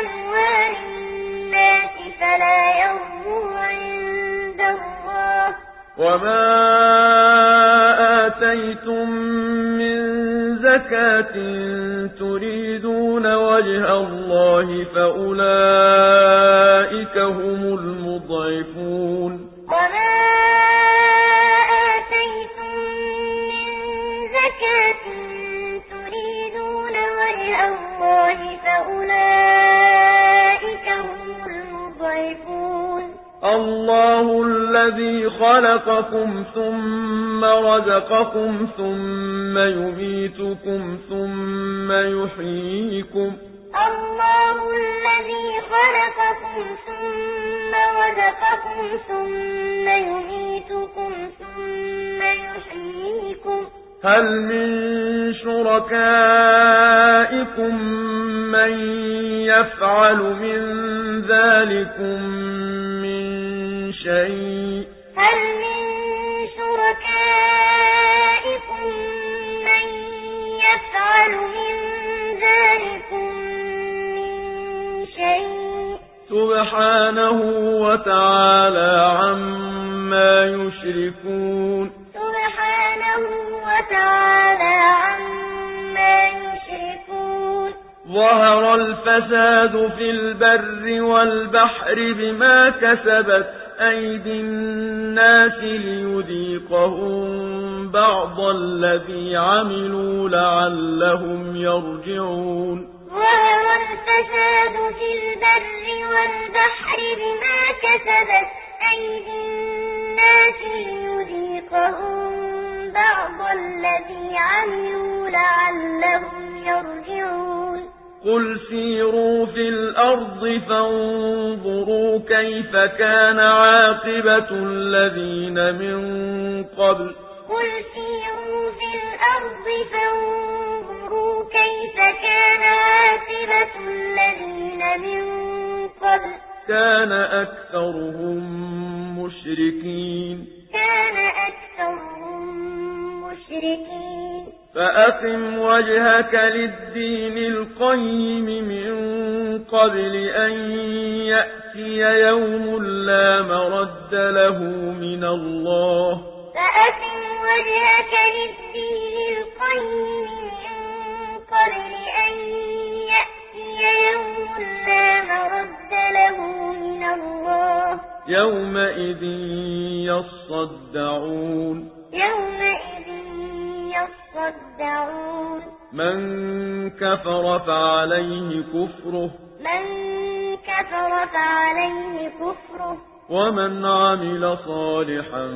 أموال الناس فلا يربو عند وما آتيتم من زكاة تريدون وجه الله فأولئك هم المضعفون وما فأولئك هم المضعفون الله الذي خلقكم ثم رزقكم ثم يميتكم ثم يحييكم الله الذي خلقكم ثم رزقكم ثم يميتكم ثم يحييكم هل من شركائكم من يفعل من ذلكم من شيء هل من شركائكم من يفعل من ذلكم من شيء سبحانه وتعالى عما يشركون سبحانه وتعالى عما يشركون ظهر الفساد في البر والبحر بما كسبت أيدي الناس ليذيقهم بعض الذي عملوا لعلهم يرجعون ظهر الفساد في البر والبحر بما كسبت أيدي الناس ليذيقهم بَعْضَ الَّذِي عَمِلُوا لَعَلَّهُمْ يَرْجِعُونَ قُلْ سِيرُوا فِي الْأَرْضِ فَانظُرُوا كَيْفَ كَانَ عَاقِبَةُ الَّذِينَ مِن قَبْلُ قُلْ سِيرُوا فِي الْأَرْضِ فَانظُرُوا كَيْفَ كَانَ عَاقِبَةُ الَّذِينَ مِن قَبْلُ كَانَ أَكْثَرُهُم مُشْرِكِينَ كَانَ أَكْثَرُهُم مُّشْرِكِينَ فَأَقِمْ وَجْهَكَ لِلدِّينِ الْقَيِّمِ مِن قَبْلِ أَن يَأْتِيَ يَوْمٌ لَّا مَرَدَّ لَهُ مِنَ اللَّهِ فَأَقِمْ وَجْهَكَ لِلدِّينِ الْقَيِّمِ مِن قَبْلِ أَن يَأْتِيَ يَوْمٌ لَّا مَرَدَّ لَهُ مِنَ اللَّهِ يومئذ يصدعون يومئذ يصدعون من كفر فعليه كفره من كفر فعليه كفره ومن عمل صالحا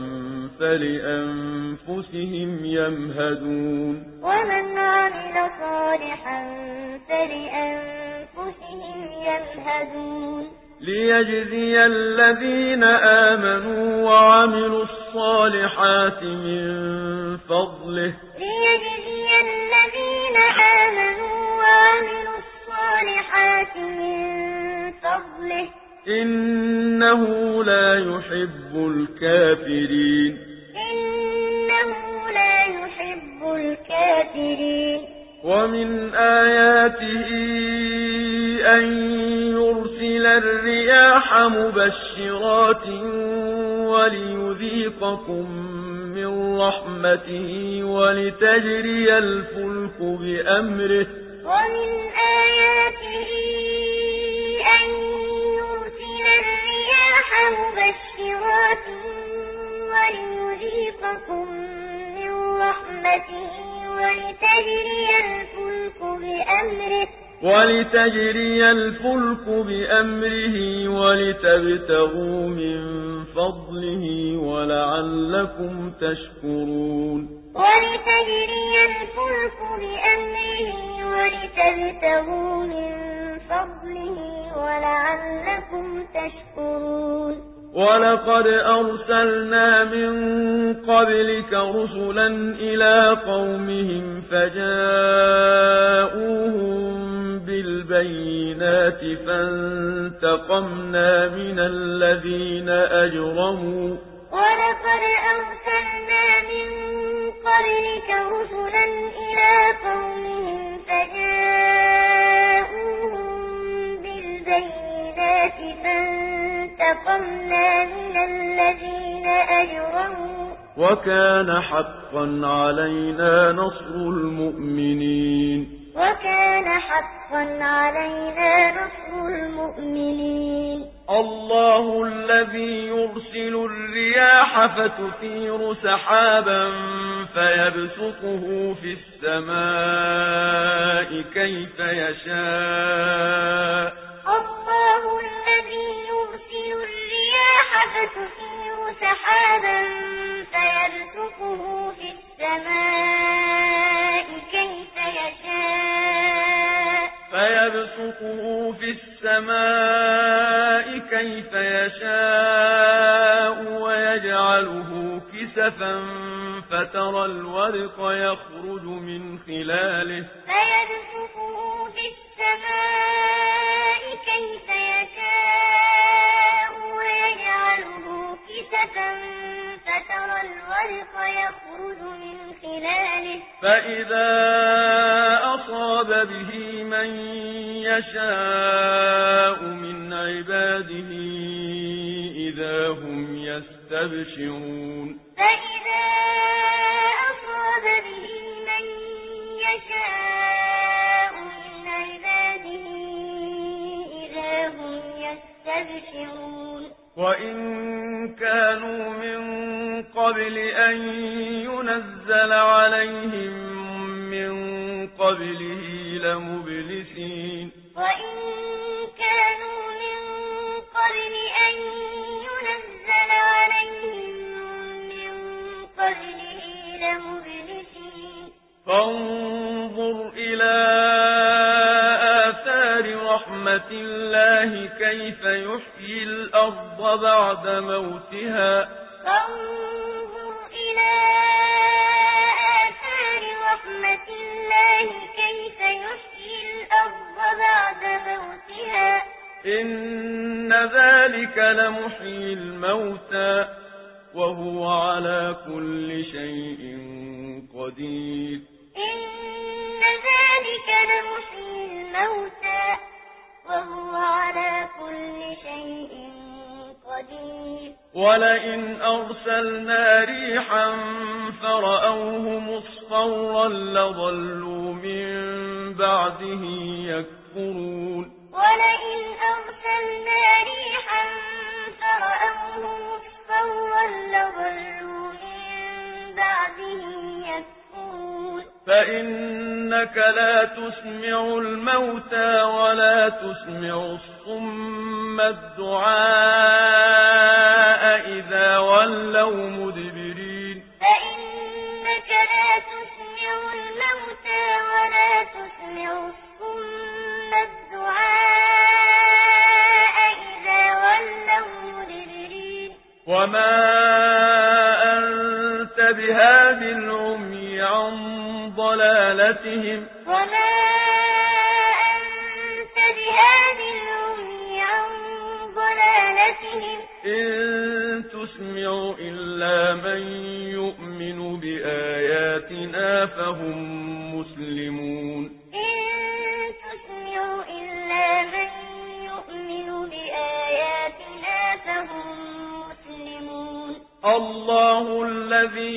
فلأنفسهم يمهدون ومن عمل صالحا فلأنفسهم يمهدون ليجزي الذين آمنوا وعملوا الصالحات من فضله ليجزي الذين آمنوا وعملوا الصالحات من فضله إنه لا يحب الكافرين إنه لا يحب الكافرين ومن آياته أن يرسل الرياح مبشرات وليذيقكم من رحمته ولتجري الفلك بأمره ومن آياته أن يرسل الرياح مبشرات وليذيقكم من رحمته وَلِتَجْرِيَ الْفُلْكُ بِأَمْرِهِ وَلِتَبْتَغُوا مِن فَضْلِهِ وَلَعَلَّكُمْ تَشْكُرُونَ وَلِتَجْرِيَ الْفُلْكُ بِأَمْرِهِ وَلِتَبْتَغُوا مِن فَضْلِهِ وَلَعَلَّكُمْ تَشْكُرُونَ ولقد أرسلنا من قبلك رسلا إلى قومهم فجاءوهم بالبينات فانتقمنا من الذين أجرموا ولقد أرسلنا من قبلك رسلا إلى قومهم فجاءوهم بالبينات فانتقمنا فانتقمنا من الذين أجرموا وكان حقا علينا نصر المؤمنين وكان حقا علينا نصر المؤمنين الله الذي يرسل الرياح فتثير سحابا فيبسطه في السماء كيف يشاء فتثير سحابا فيرسقه في السماء كيف يشاء فيرسقه في السماء كيف يشاء ويجعله كسفا فترى الورق يخرج من خلاله فإذا أصاب به من يشاء وما أنت بهاد العمي عن ضلالتهم وما أنت بهاد العمي عن ضلالتهم إن تسمع إلا من يؤمن بآياتنا فهم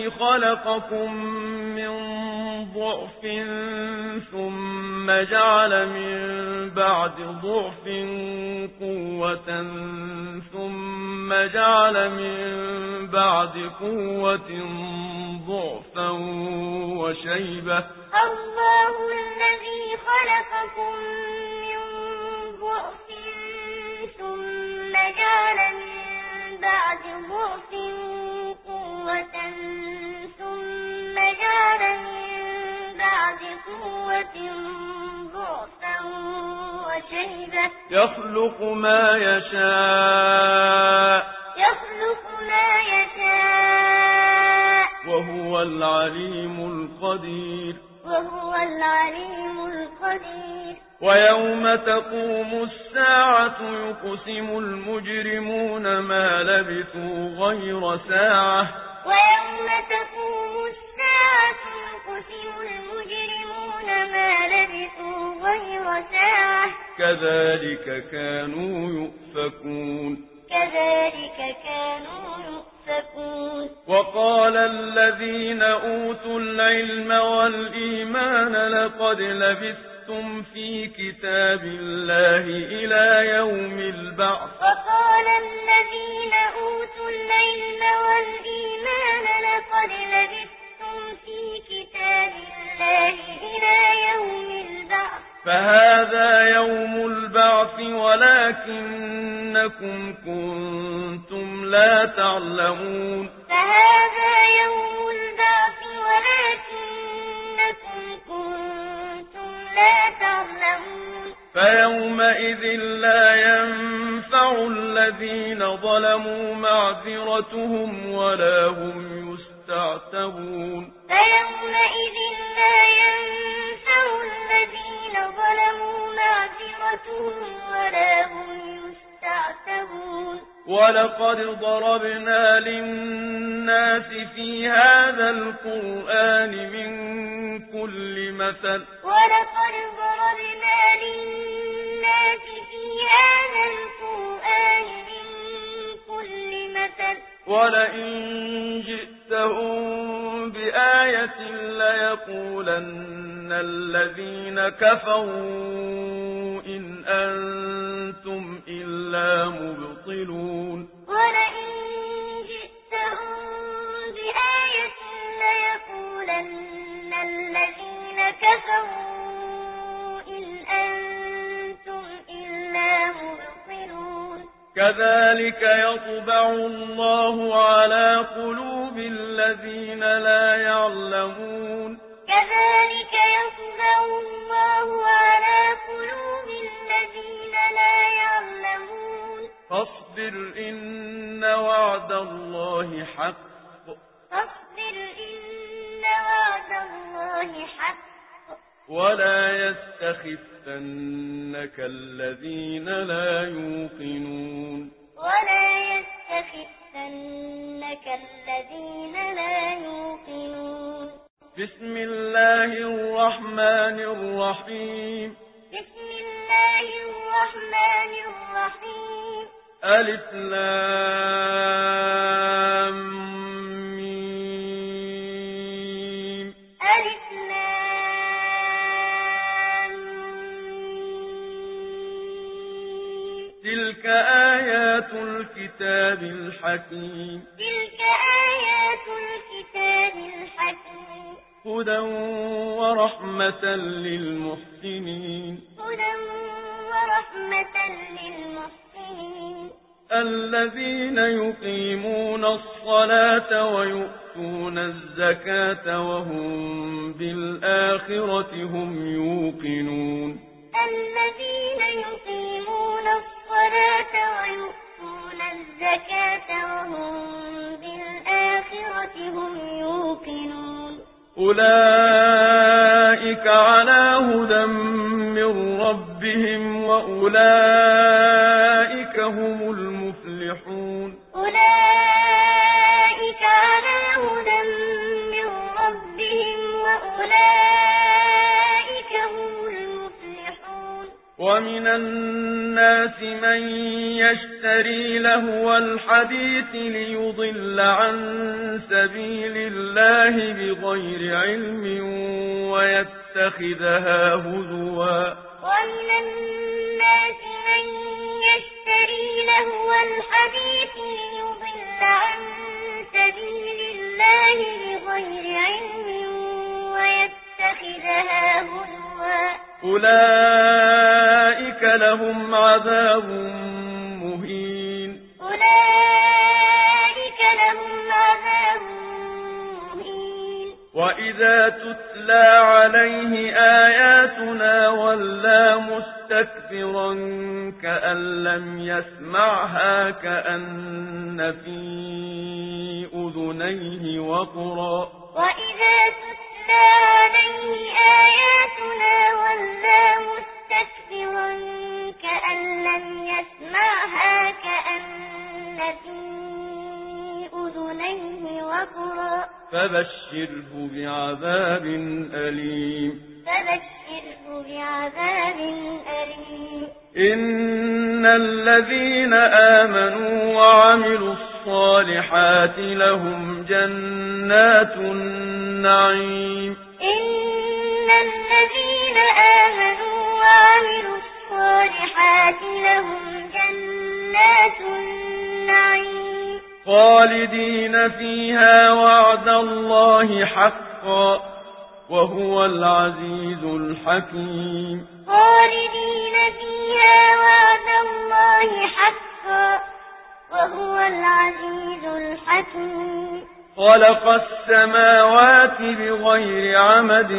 خلقكم من ضعف ثم جعل من بعد ضعف قوة ثم جعل من بعد قوة ضعفا وشيبة الله الذي خلقكم يخلق ما يشاء يخلق ما يشاء وهو العليم القدير وهو العليم القدير ويوم تقوم الساعة يقسم المجرمون ما لبثوا غير ساعة ويوم تقوم الساعة يقسم المجرمون ما لبثوا غير ساعة كذلك كانوا يؤفكون كذلك كانوا يؤفكون وقال الذين أوتوا العلم والإيمان لقد لبثتم في كتاب الله إلى يوم البعث وقال الذين أوتوا العلم والإيمان لقد لبثتم في كتاب الله إلى يوم البعث فهذا يوم البعث ولكنكم كنتم لا تعلمون فهذا يوم البعث ولكنكم كنتم لا تعلمون فيومئذ لا ينفع الذين ظلموا معذرتهم ولا هم يسلمون تعتبون فيومئذ لا ينفع الذين ظلموا معذرتهم ولا هم يستعتبون ولقد ضربنا للناس في هذا القرآن من كل مثل ولقد ضربنا للناس في هذا القرآن من كل مثل ولئن جئت جئتهم بآية ليقولن الذين كفروا إن أنتم إلا مبطلون ولئن جئتهم بآية ليقولن الذين كفروا إن أنتم إلا مبطلون كذلك يطبع الله على قلوب الذين لا يعلمون كذلك يطبع الله على قلوب الذين لا يعلمون فاصبر إن وعد الله حق فاصبر إن وعد الله حق ولا يستخفنك الذين لا يوقنون ولا يستخفنك الذين لا يوقنون بسم الله الرحمن الرحيم بسم الله الرحمن الرحيم ألف لام الْكِتَابِ الْحَكِيمِ تِلْكَ آيَاتُ الْكِتَابِ الْحَكِيمِ هُدًى وَرَحْمَةً لِلْمُحْسِنِينَ هُدًى وَرَحْمَةً لِلْمُحْسِنِينَ الَّذِينَ يُقِيمُونَ الصَّلَاةَ وَيُؤْتُونَ الزَّكَاةَ وَهُمْ بِالْآخِرَةِ هُمْ يُوقِنُونَ الَّذِينَ يُقِيمُونَ الصَّلَاةَ وَيُؤْتُونَ يُؤْتُونَ الزَّكَاةَ وَهُم بِالْآخِرَةِ هُمْ يُوقِنُونَ أُولَئِكَ عَلَى هُدًى مِّن رَّبِّهِمْ وَأُولَئِكَ هُمُ الْمُفْلِحُونَ أُولَئِكَ عَلَى هُدًى ومن الناس من يشتري لهو الحديث ليضل عن سبيل الله بغير علم ويتخذها هزوا ومن الناس من يشتري لهو الحديث ليضل عن سبيل الله بغير علم ويتخذها هزوا أولئك لهم عذاب مهين أولئك لهم عذاب مهين وإذا تتلى عليه آياتنا ولا مستكبرا كأن لم يسمعها كأن في أذنيه وقرا وإذا تتلى تتلى عليه آياتنا ولا مستكبرا كأن لم يسمعها كأن في أذنيه وقرا فبشره بعذاب أليم فبشره بعذاب أليم إن الذين آمنوا وعملوا الصالحات لهم جنات النعيم إن الذين آمنوا وعملوا الصالحات لهم جنات النعيم خالدين فيها وعد الله حقا وهو العزيز الحكيم خالدين فيها وعد الله حقا وهو العزيز الحكيم خلق السماوات بغير عمد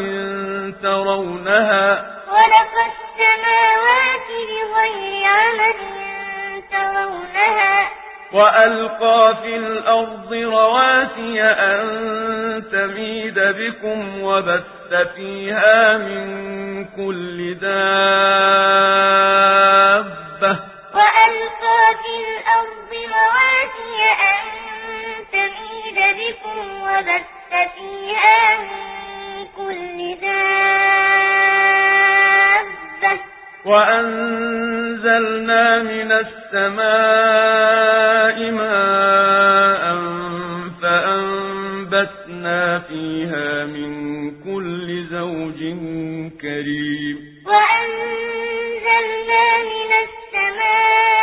ترونها خلق السماوات بغير عمد ترونها وألقى في الأرض رواسي أن تميد بكم وبث فيها من كل دابة وألقى في الأرض رواسي أن تميد بكم وبث فيها من كل دابة وأنزلنا من السماء ماء فأنبتنا فيها من كل زوج كريم وأنزلنا من السماء